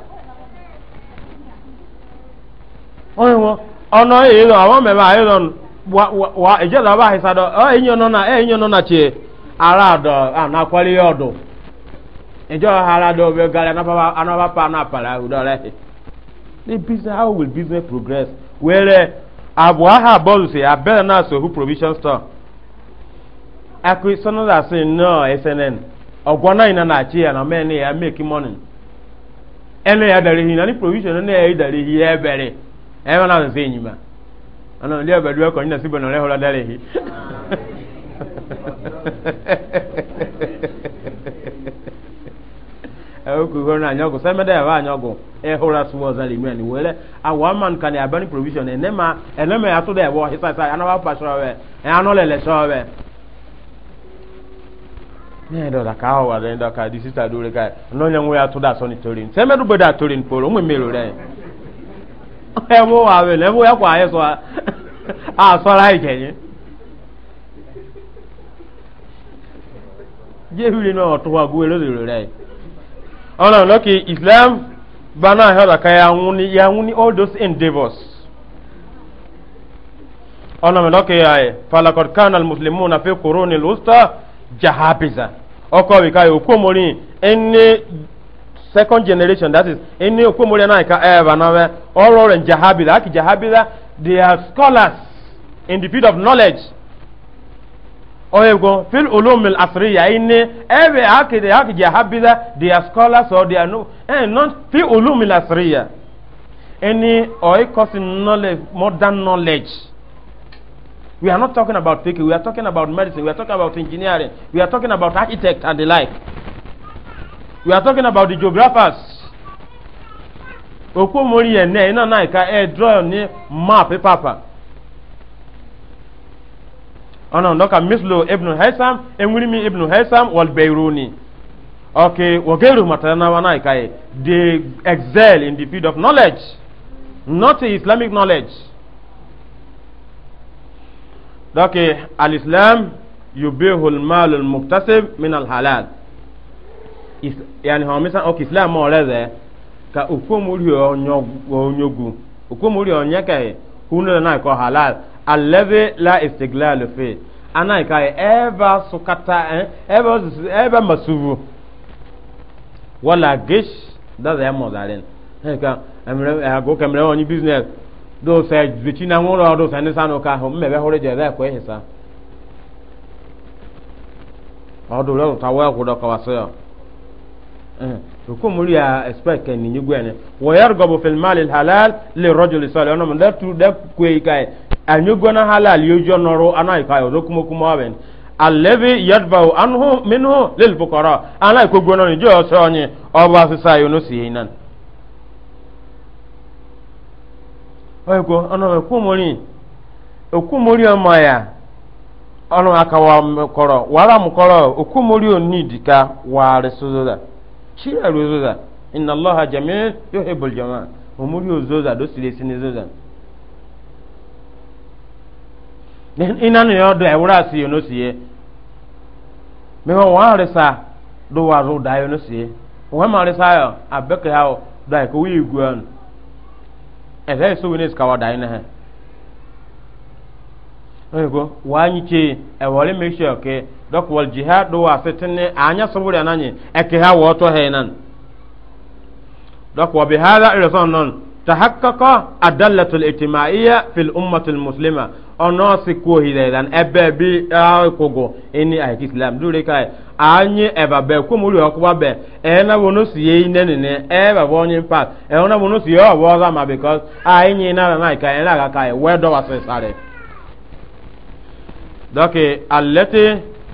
onyewo ọnụ ịlọ awọ mmemme ayịlọ wa ejela ọba ahịsa dọ enyo nọ na e enyo nọ na chie ara a na-akwali ya ọdụ ejọ ara dọ obe gara anabapa anabapa apara ụdọ rehi the business how will business progress were abụọ aha bọọlụ si abere na asohu provision store akụ sọnụ na asị snn ọgwọ naanị na na-achị ya na mee ya make money ene ya dara na ni provision na ya ya ebere ɛmɛ na nse enyima ɔnà ndé abadu akɔ nyina sibɔ n'ɔlɛ hɔlɔ dalẹ yi ɛwɔ kò hɔn anyɔgu sɛmɛdɛ ɛwɔ anyɔgu ɛhɔlɔ asubɔ zali nua ni wɛlɛ awɔ aman kan yaba ni provision ɛnɛma ɛnɛma yato dɛ ɛwɔ hisasa anaba pa sɔrɔ wɛ ɛnano lɛ lɛ wɛ ne dɔ la k'a wa dɛ dɔ ka di ka n'o nyɛ ŋo ya to da sɔni torin sɛmɛdu bɛ da torin polo ŋun mi lo dɛ. ẹmú àwẹ̀ lẹ́mú ẹ̀kọ́ ayé sọ àsọ́ra ìjẹ̀yìn. jẹ́hìrì náà ọ̀tún wa gúwé lóde rẹ̀ ọ̀nà lọ́kì islam gbaná ẹ̀họ́dà ká yàwùn ní yàwùn ní all those endeavours. ọ̀nà lọ́kì ayé falakọ̀t kan al muslimu na fi lóòótọ́ jahabiza ọkọ̀ wíkà yòókù mọ́rin ẹni second generation that is ẹni okomori náà ẹka ẹ̀ẹ́bà náà wẹ́ ọ̀rọ̀ rẹ̀ jahabila aki jahabila they are scholars in the field of knowledge ọ̀yẹ̀gbọ́n fil olómi asiriya ẹni ẹ̀ẹ́bẹ̀ aki aki jahabila they are scholars or they are no ẹ̀ eh, non fil olómi asiriya ẹni ọ̀yẹ̀ kọ́sì knowledge modern knowledge. We are not talking about thinking, we are talking about medicine, we are talking about engineering, we are talking about architect and the like we are talking about the geographers okomori yẹn ina iná náà ìka eh, draw ni map eh, papa ọ̀nà ndọ́ka mislo ibn haisam enwirimi ibn haisam walbeiruni okay wọ́gẹ́rù matanawa náà ìka yẹ eh, they excel in the field of knowledge not islamic knowledge dọ́kì alislam yubihul maalul muktasib min alhalal yani hɔn misan ok islam ɔrɛ zɛ ka okomori onyogu okomori onyeke hunu na ko halal alebe la istiglal fi ana ka eba sukata eh eba eba masubu wala gish da zai mo zaren ka amre e, ago kamre oni business do se bichi na nworo do se nisa no ka ho mmebe hore je da ko ehisa odo lo tawa ko do ka wasoyo Eh, ko muri ya expect ni yugo wa yarghabu fil mal halal li rajul salih ono da tu da ku yi kai na halal yugo noro ana kai ro kuma kuma ben alladhi yadbau anhu minhu lil ana ko ni jo so oba su no si nan ono o maya ono akawa shira rozozan inna allaha jamil yuhibbul jamal umuri ozoza do sile ina no yo do si yo no me ho wa do wa ro da yo no resa yo abeke ha o da ko wi guan e so wini ska wa da ina ha wa nyi e wole sure dok wal jihad do wa fitne anya saburi ananye ekeha woto henan dok wa bihadha irasan non tahaqqaqa adallatu al-ijtima'iyya fil ummati al-muslima ono sikwo hiledan ebe bi kogo ini a islam dure kai anyi eba be ko muri okuba be e na wono si yi nenene e ba bo nyi pa e ona wono si o bo za ma because anyi na na kai e na ga kai we do wa sare doke allati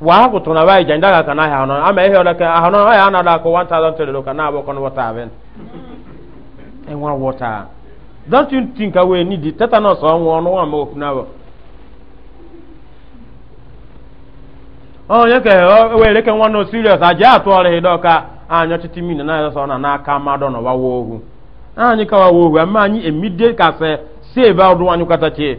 waa ku tuna waa ijanja ka kana ha non ama ehe olaka ha non ya na da ko 1000 tele loka na bo kon wota aben *laughs* en wa wota don't you think away need the tetanus on wo no am okuna oh o oh, we no serious aja doka anyo titi mi na so na aka no wa wo anyi ka ama anyi ka se save out chie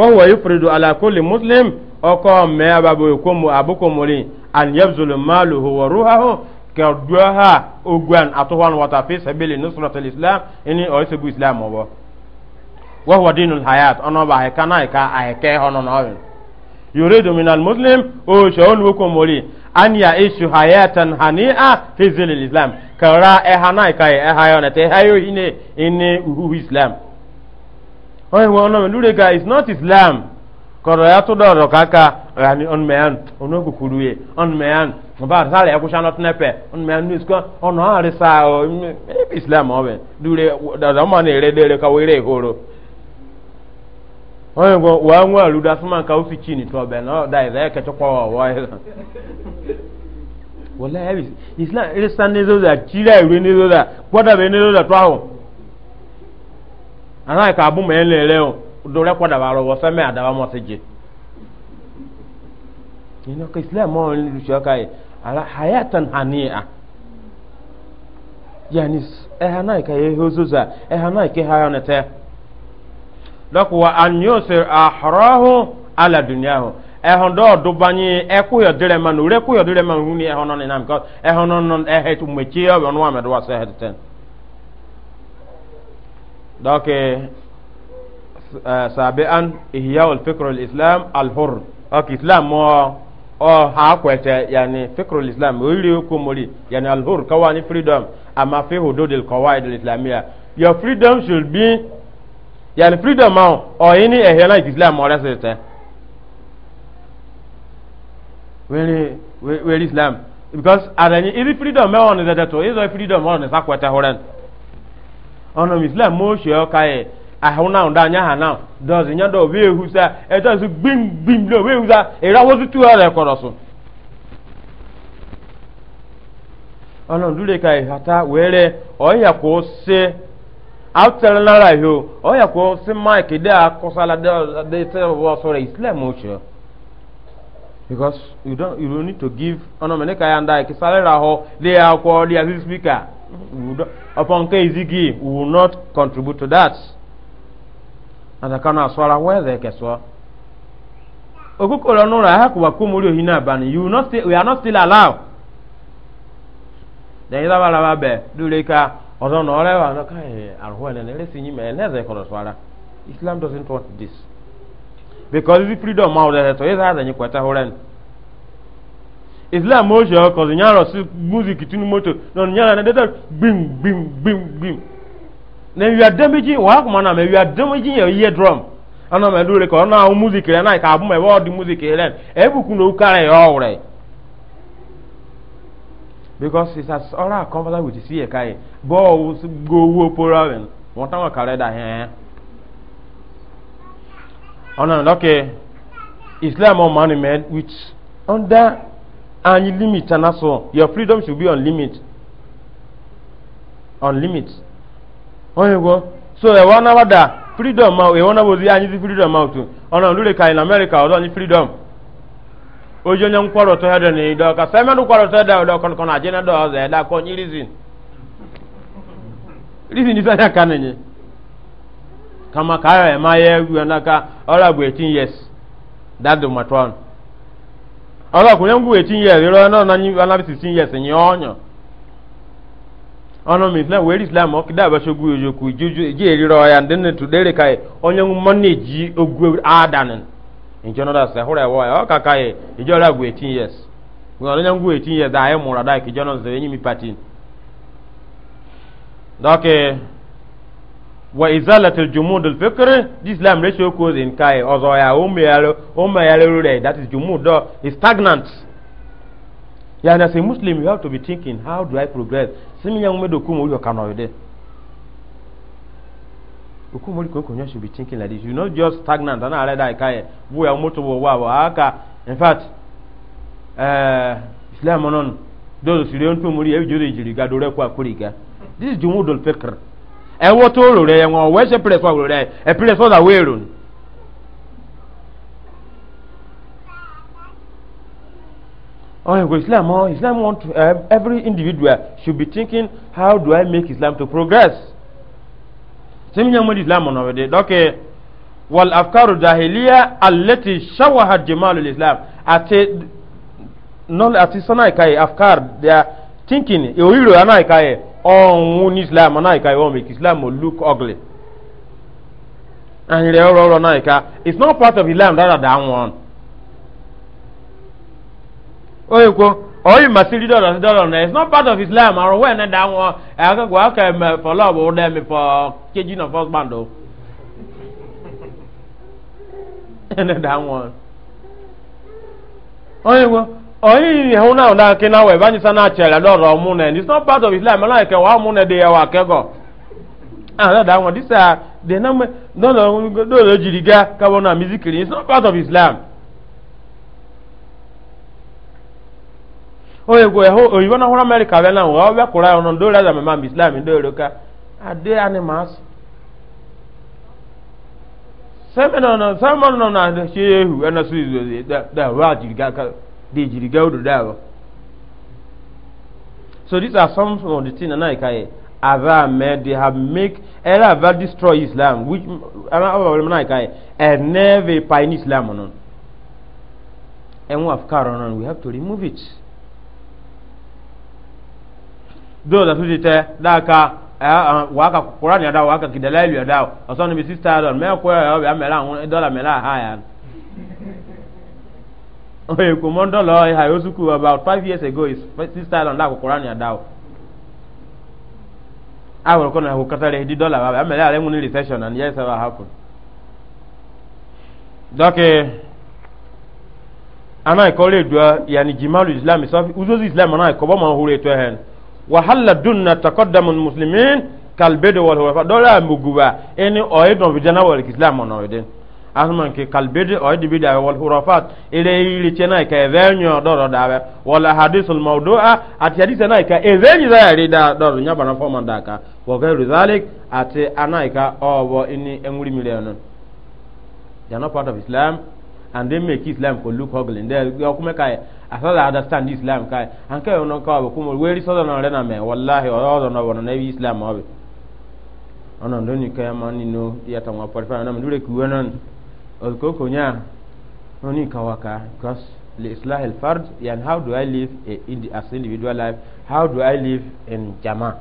فهو يفرض على كل مسلم أقام ما بابوكم أبوكم لي أن يبذل ماله وروحه كدوها أجوان أتوان وتفي سبيل نصرة الإسلام إني أيسبو إسلام هو وهو دين الحياة أنا بحكنا إكا أحكي هنا نعلم يريد من المسلم أو شون وكم لي أن يعيش حياة هنيئة في ظل الإسلام كرا إهنا إكا إهايونة إهايو إني إني أهو إسلام oye ŋun ɔnɔ lure ka it's not islam kɔrɔ ya tó dɔrɔ kaka ɔyani ɔn mɛyan ɔn kukuru ye ɔn mɛyan ɔba sáré ɛkusa nɔtɛnɛ pɛ ɔn mɛyan ní sukɔ ɔnɔ ari sa ɔ ɛbi islam ɔbɛ lure dada ɔmɔ ni ere deere ka wele ehoro oye ŋun wa ŋun alu da suma ka ofi tsi ni tɔ bɛ nɔ da ɛzɛ kɛtɛ kɔ ɔwɔ yɛ lɔ wòle ɛbi islam ɛri sa ne zo da tsi la ɛwuri ne zo da gbɔdɔ bɛ ne zo da tó awɔ. anaghị ka abụ ma e lere dore kwadabara ụwa feme adaba mọsị ji ina ka islam ọ nruchi ọka yi ala hayatan hania yani eha naghị ka ya ihe a e ka ha ya nete dọkụwa anyị osiri ala do do bani yo dire re ku yo dire ni na tu no wa se donc euh, euh, sabi'an ihya al-fikr al-islam al-hur ok islam mo o ha kwete yani fikr al-islam wiri ko mori yani al-hur kawani freedom ama fi hudud al-qawaid al your freedom should be yani freedom ma o ini ehya na islam o resete eh. wiri wiri islam because adani iri freedom me on the to is freedom on the sakwete horan ọnụ islam ma e, ahụ na ụda anya ha na dọzi nya dọ wee husa etozi gbim gbim lo wee husa ịrawozu tu ọrịa kọrọ so ọnụ ndụle ka ịhata were ọhịa ka o se awutere maịkị dị akụsala dị because you don't need to give ka ịrahụ dị speaker upon KZG, we will not contribute to that. And I cannot swallow where they can swallow. Okukolo no ra hakuwa kumuri ohina bani. You will not still, we are not still allowed. Then ida bala ba be duleka ọzọ na ọrẹ wa ọdọ káyẹ àrùn ẹnẹ ẹnẹ sì yín I don't know. kọlọ swara Islam doesn't want this because the freedom ma ọdọ ẹsẹ tó yẹ sáyà ẹsẹ yín kọ ẹta hórẹ ni. islam mo ṣe ọkọ ṣe yàrá sí music tinu moto lọnà yàrá ní dẹdẹ gbim gbim gbim gbim na ewia dẹmẹjì wàá kọ na náà ewia dẹmẹjì yẹ yẹ drum ọnà mẹ lóore na ọnà àwọn music rẹ náà kà abúmọ ẹwà ọdí music rẹ ẹbùkún ní òkú ara yẹ ọwọ rẹ because it's as ọrọ àkọmọlá wò ti sí ẹka yẹ bọọlù gbowó porawin wọn táwọn kàrẹ dà hẹn ọnà lọkẹ islam ọmọ ni mẹ under. and limit and that's your freedom should be on limit on limit onye oh, gwo so ẹwọ náwó da freedom ma ẹwọ náwó di anyi di freedom ma otu ọ̀nà lórí ka in america ọ̀dọ́ anyi freedom ojú onye nkwọrọ to hẹdọ ní ìdọ ka sẹmẹnu kwọrọ tó hẹdọ ọdọ kọnkan na ajẹnẹ dọ ọzọ ẹdá kọ ni reason reason ní sanya kan nìyẹn kama ka ayọ ma yẹ ewu ẹ n'aka ọrọ agbo eighteen years that do eh. eh, uh, matter. ọlọ kò nyẹngu wẹ tin yẹ rírọ náà nanyi anabi 16 years nyẹ ọnyọ ọnà mi islam wẹẹrẹ islam ọkìdá abasogu yòókù jíjú èjì èrírọ ya ndéne tu dérè ka yẹ ọnyẹngu mọ́nì èjì ogu àdánù njẹ́ náà sẹ́ húrẹ́ wọ́ ẹ̀ ọ̀kàkà yẹ ìjọ rẹ̀ years wọn ọ̀nà nyẹngu eighteen years wa izalatil jumud al fikr this islam ratio cause in kai ozo ya o me ya o me ya re that is jumud do is stagnant ya na say muslim you have to be thinking how do i progress simi yang me do ku mo yo kan oyode oku mo ko you should be thinking like this you not just stagnant and are that kai wo ya moto wo wa aka in fact eh islam onon do so sire on to mo ri e jore jiri ga do re ku akuri ga this is jumud al fikr ɛwɔ tó rò rɛ wọn wɛsɛ pɛrɛsɔ rò rɛ ɛpɛrɛsɔ la wéèrò. Oh, go Islam. Oh, Islam want to, eh, every individual should be thinking, how do I make Islam to progress? Sẹ́mi yẹn mo di Islam ọ̀nà wẹ̀dẹ̀ dọ́kẹ́ wal afkaru dahiliya alẹ́tì ṣawaha jamalu Islam àti nọ́ọ̀lù àti sanna ìka yẹ afkar their thinking ìwúrò àná ìka yẹ. ọnwụ n'islam anaghịka iwe make islam look ugly anyịrị ọrụ ọrụ anaghịka it's not part of islam that dara da anwụ ọnụ onye kwuo oyi masiri si dọla na it's not part of islam arụ wee na da anwụ e, agagwa aka eme fọlọ bụ ụda eme fọ keji na fọs band o *laughs* oyi hụ na ụda nke na webe anyị sa na chere lọrọ mụ na it's not part of islam ala nke wa mụ na dị ya wa kego ah na da nwa disa de na me jiri na music it's not part of islam o go ho oyi wana hora america be na wa be kura ono do ra da me ma islam do ro ka ade animals semen no na ehu da da wa de jiri gawdu dawo so these are some of the things anai kai ava men they have make era ava destroy islam which ana ava anai kai and never pine islam no and we have caron we have to remove it though that we tell daka waka kurani ada waka kidalailu ada osoni bi sister don me ko ya be amela dọ́là mẹ́la ha ya oye ko mondo lo ha yosuku about 5 years ago is sister on la ko Quran ya dawo awol ko na ko katare di dollar baba amela ale mun recession and yes ever happen doke ana ko le dua yani jimalu islam so uzozi islam ana ko ba ma hure to hen wa halla dunna taqaddamul muslimin kal bedo wal huwa dola muguba eni oye don bi jana wal islam ona odin asman ke kalbidi o di bida wal hurafat ile ile chena ka evenyo doro dawe wala hadithul mawdu'a at hadith na ka evenyo da rida doro nya bana foma daka wa gairu zalik at anaika obo ini enguri milion they not part of islam and they make islam for look ugly there you come kai asala understand islam kai an kai ono ka ko mo weri so na rena me wallahi o do no bona islam obi ono ndoni kai manino ya tanwa parfa na mdure kuwenon ozukoko nya oni kawaka because لإصلاح الفرد And how do I live in the, as individual life how do I live in jama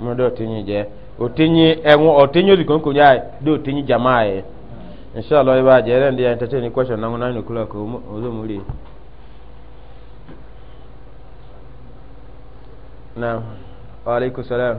mmodo otinyi je otinyi enwo otinyi odikonko nya do otinyi jama ye inshallah iba je ere ndi entertain question nangu nine o'clock ozo muri na wa alaikum salam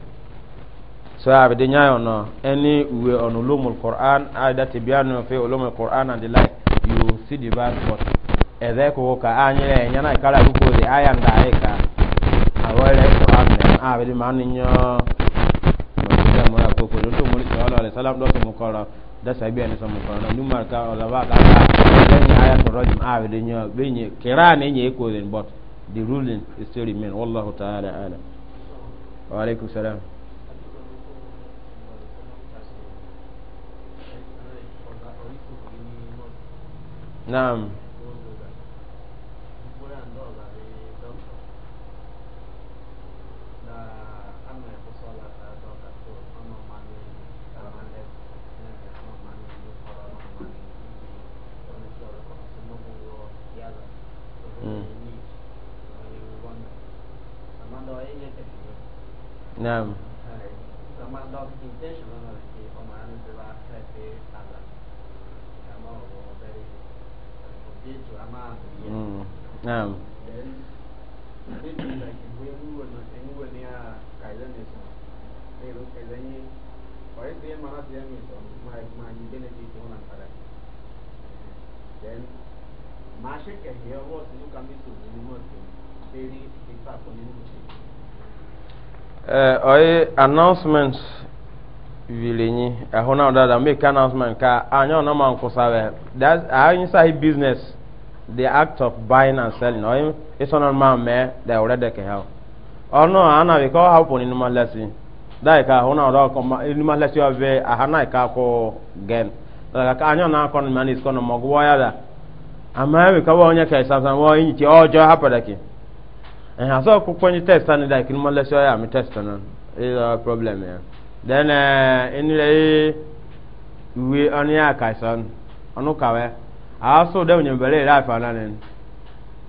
sabe de nyayo no any we on ulumul quran ada tibianu fi ulumul quran and the like you see the verse but ede ko ka anyere nyana ikara ko de aya nda eka awale quran ne abe de man nyo da mo ko ko do mo sallallahu alaihi wasallam do mo ko da sabi ani samu ko no mar ka ola ba ka ka ni aya to rojim abe de nyo be ni kirane ni ko den but the ruling is still remain wallahu ta'ala alam wa alaikum salam نعم نعم jama'a mm na'am then mashe kẹhẹ ọwọ sínú kàmísì announcement vile nyi ɔdada mbɛ announcement ka anya ɔnam ankosawe that anyi sahi business the act of buying and selling or it's not man me they already can help or no ana we call help on normal oh, lesson dai ka hona lesson of a hana ka ko gen da ka anyo na kon man is kon mo gwa ya da ama we ka wonya ka sa sa wo yin ti ojo hapa da ki eh aso ku test ani da ki lesson ya mi test na is a problem ya then uh, in le we on ya ka san. onu ka aso da mun bare ra fa nan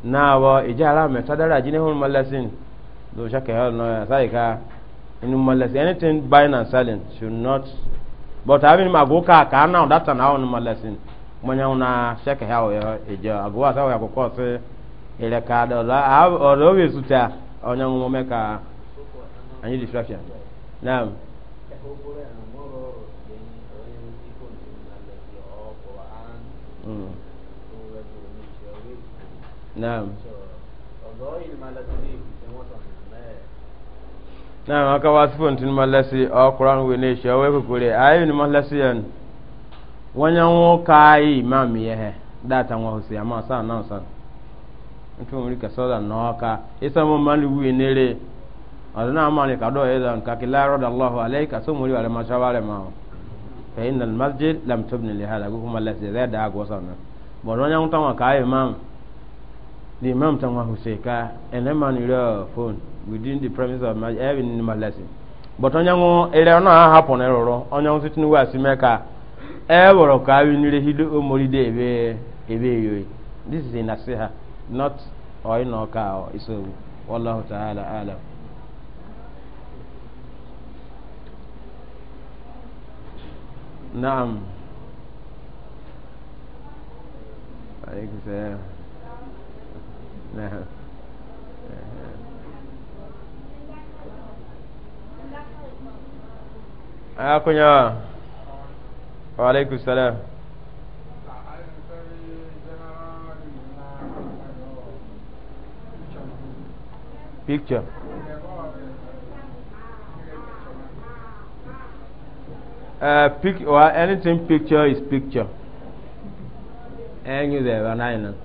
na wa ijara me tadara jine hon malasin do shaka hal no sai ka in malasin anything buying and selling should not but having ma go ka ka na that na on malasin manya una shaka hal ko se ile ka do la o do suta me ka anyi distraction naam مم. Hmm. نعم aka wasu tin malasi a quran we ne shi we kukure ayi ni malasi yan wanya wo kai imam ye he data wo se ama sa na sa ntu muri ka so da no ka isa mo mali we ne re adana amani ka do e dan ka kilaro da allah alayka so muri wala mashawale ma fa inna al masjid lam tubni li hada kuma lasi zai da agwa sana bon wani an tawa ka imam the imam tan wa huseka phone within the premises of masjid even in but onye nwu na hapụ na ịrụrụ onye nwu site ka e ka awi nire hido ebe ebe this is not wallahu ta'ala alam نعم عليكم السلام نعم akunya wa alaikum salam picture uh, pic or anything picture is picture. Any there an island.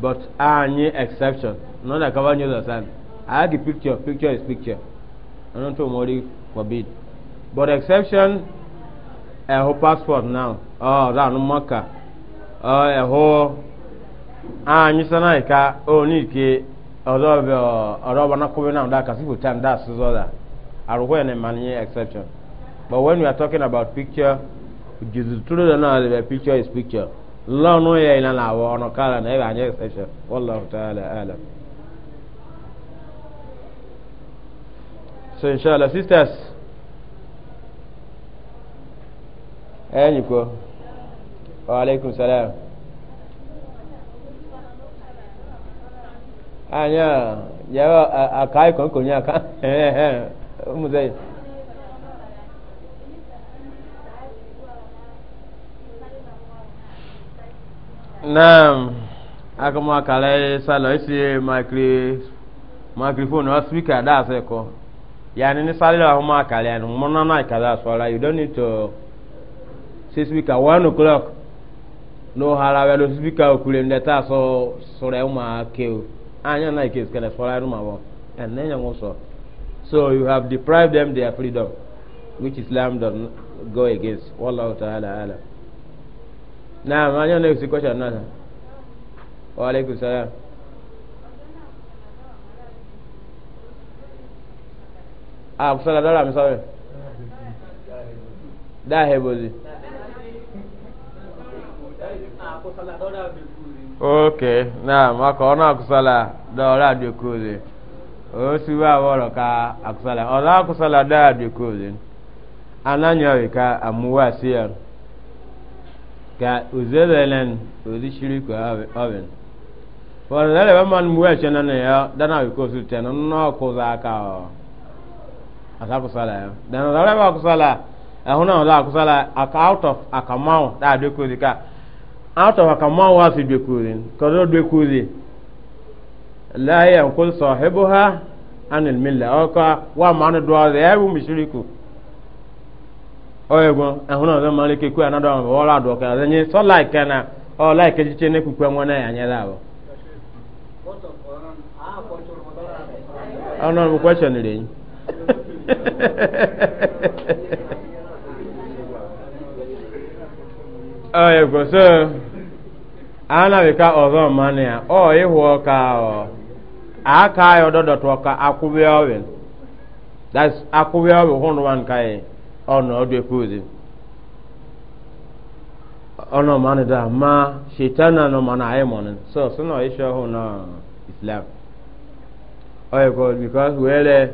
But any exception. None that cover news understand. I like picture, picture is picture. I don't know what forbid. But exception a whole passport now. Oh that maka Oh a whole anyị sana ka onike ọdọ ọdọ ọdọ ọbana kobe na ọdọ akasi bụ tam da asụsụ ọdọ arụkwa ya na mmanụ exception But when we are talking about picture, Jesus true than all a picture is picture. Lọ́n nù yẹ ìlànà àwọ̀ ọ̀nà kárà náà ẹ̀rọ àyẹ̀ ẹ̀ṣẹ̀ wọ́lọ́hùn tààlà àlà. So inshallah sisters, ẹ̀yìn kọ́, wa aleykum salaam. Anya, yàrá àkàyè kọ̀ọ̀kan ní àkà, ẹ̀hẹ̀hẹ̀, ó mú sẹ́yìn. Naam, akama kala salo isi micri microphone or speaker that's eko. Yani ni salo akama kala yani mona na kala so you don't need to say speaker one o'clock. No halawe lo speaker okule ndeta so so re uma ke. Anya na ke skele so la ruma wo. And then you so. So you have deprived them their freedom which Islam don go against. Wallahu ta'ala alam. Naam, anyo next question nana. Wa alaikum salam. Ah, kusala dala msawe. Da bozi Okay, naam, akaona akusala dola dukuzi. Osiwa woro ka kusala Ola akusala da dukuzi. Ananyawe ka amuwa siyan. ka uzebelen ozi shiriku oven fọdụdere bụ mmanụ mgbe eche na ya dana wiko su te na nnọọ kụza aka ọ asa kụsala ya dana dara bụ akụsala ahụ na ọzọ akụsala aka out of akamanwụ da adekuzi ka out of si akamanwụ asị dekuzi kọzọ dekuzi la ya nkwụsọ hebu ha anil mila ọka wa mmanụ dụọ ọzọ ya bụ mishiriku oyego ahụna ọzọ Mali ike kwe anadọ ma ọla adụ ka nye so laik na ọ laik echiche n'ekwukwe nwa na ya nyere ahụ ọnụ ọmụ oyego so ọzọ ya ịhụ ka aka ya ọdọdọtụ ka akwụbịa that's ọ̀nà ọdún ẹ̀kú òde ọ̀nà ma dà na ṣètàn náà ọ̀mánì ayé so na iṣẹ́ ọ̀hún na islam ọ̀yẹ̀ kọ́ because wẹ́rẹ́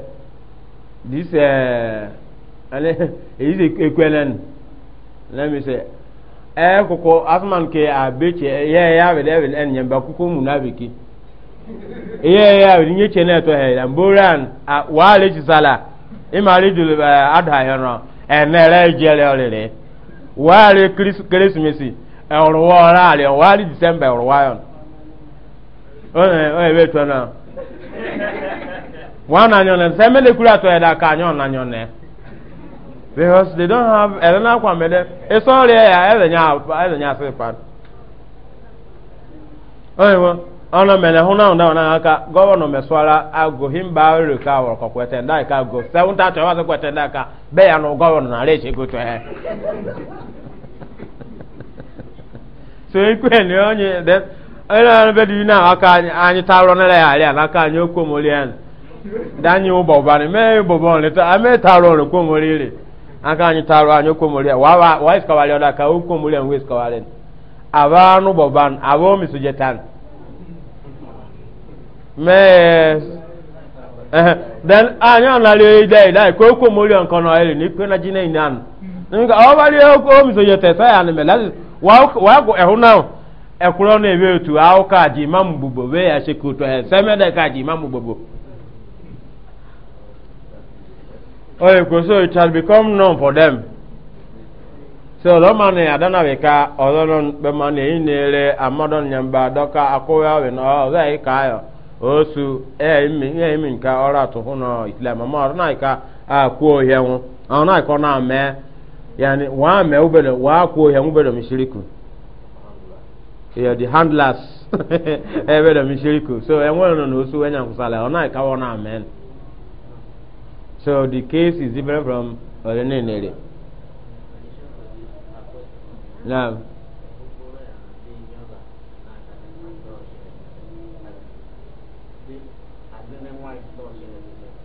dis ee èyí ṣe ekú ẹ̀ lẹ́nu lẹ́mi sẹ́ ẹ̀ asụman asman ke abékyé ya ẹ̀yẹ́ abẹ́dẹ́ ẹ̀bẹ́dẹ́ ẹ̀ nyẹ̀ ya kókó mu nàbìkí ẹ̀yẹ́ ẹ̀yẹ́ abẹ́dẹ́ nyẹ̀ kyẹ́ náà ẹ̀tọ́ ẹ̀ yẹ̀ mbóran wàhálà ẹ̀kyísàlà ẹ̀ máa rí dùlù ẹ̀ ẹ̀mẹ́rẹ́ jẹrẹ ọ̀rẹ́rẹ́ wáàrí kérésìmesì ẹ̀rùwọ́ ọ̀rá rẹ̀ wáàrí dìsẹ́mbà ẹ̀rùwá yọ̀n ọ̀rẹ́ ẹ̀wẹ̀ tó náà wọn nà nyọ̀nẹ̀ sẹ́mẹ́lẹ̀ kúrò àtọ̀ ẹ̀dá na because they don't have ẹ̀rọ náà kọ́ àmẹ́lẹ́ ẹ̀sọ́ rẹ̀ pa ona mene hụ na onda ona aka gọvanọ meswala ago himba weru ka wor ko kwetenda ka go se unta to wa kwetenda ka be ya no governo na leche go to he so ikwe ni onye then ana be di na aka anyi taro na le ari na aka anyi okwomori an danyi ubo bani me ubo bon le ta me taro le kwomori le aka anyị taro anyi okwomori wa wa wa iska wale oda ka okwomori an we iska wale abanu boban abo misujetan mẹ́ẹ̀s then anya ah, na rio dey ide ko ko mo rio nkan e na ere ni pe na nka o ba mi so me wa wa na ebe otu ka ji bubo we ya se become known for them so lo ma ne adana we ka be ma ne ni e e amodon nyamba doka we osu emi e, nka ọrụ atụhụ na islam ama ọrụ na-aka akwụ ohia nwụ ọrụ na-akọ na ame yani waa mee ubele waa akwụ ohia nwụ ubele mishiriku ya di handlers *laughs* ebele mishiriku so enwere nọ na osu wenya nkwụsala ọ na-aka ọ na ame so the case is different from ọrụ niile. Now,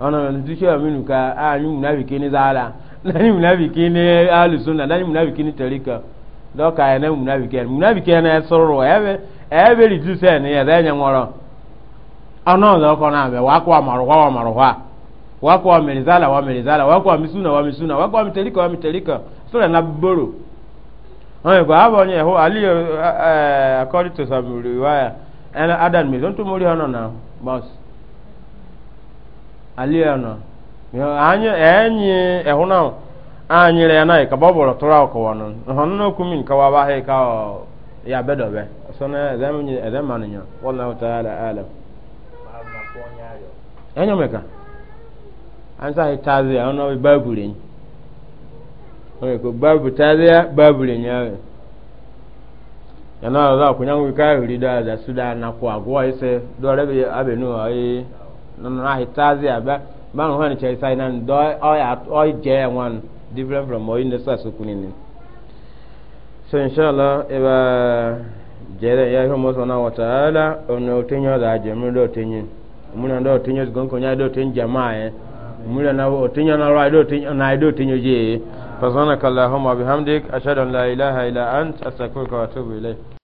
ana na tushe minu ka a ni munafiki ni zala na ni munafiki ni ahlus sunna na ni munafiki ni tarika do ka ya na munafiki munafiki na soro ebe ebe ri tu se ni ya da nya ngoro ana do ko na be wa ko amaru wa amaru wa wa ko amelizala wa amelizala wa ko misuna wa misuna wa ko mitarika wa mitarika sura na boro ọ̀hìn ìgbà àbọ̀ ni ẹ̀hó àlì according to some riwaya ẹ̀na adam mi tó ń tó mórí ọ̀nà aliano anyị enyi ehuna anyị re na ka bọbọrọ tụrụ akọwanụ họn na okumi ka wa ba ka ya bedobe sona ezemanyi ezemanyo wallahu ta'ala alam enyo meka anza itazi ono babule oye ko babu tazi ya nyawe yana za kunyangu ka hurida da suda na kwa gwa ise dole bi abenu ayi nana hitazi abe ban hwani chai sai nan do oy at oy je wan different from oy ne sa su kunini so inshallah eba jere ya homo sona wa taala ono tinyo da je mu do tinyin muna do tinyo gon ko nya do tin jamaa e muna na o tinyo na ro do tinyo فسبحانك اللهم وبحمدك أشهد أن لا إله إلا أنت أستغفرك وأتوب إليك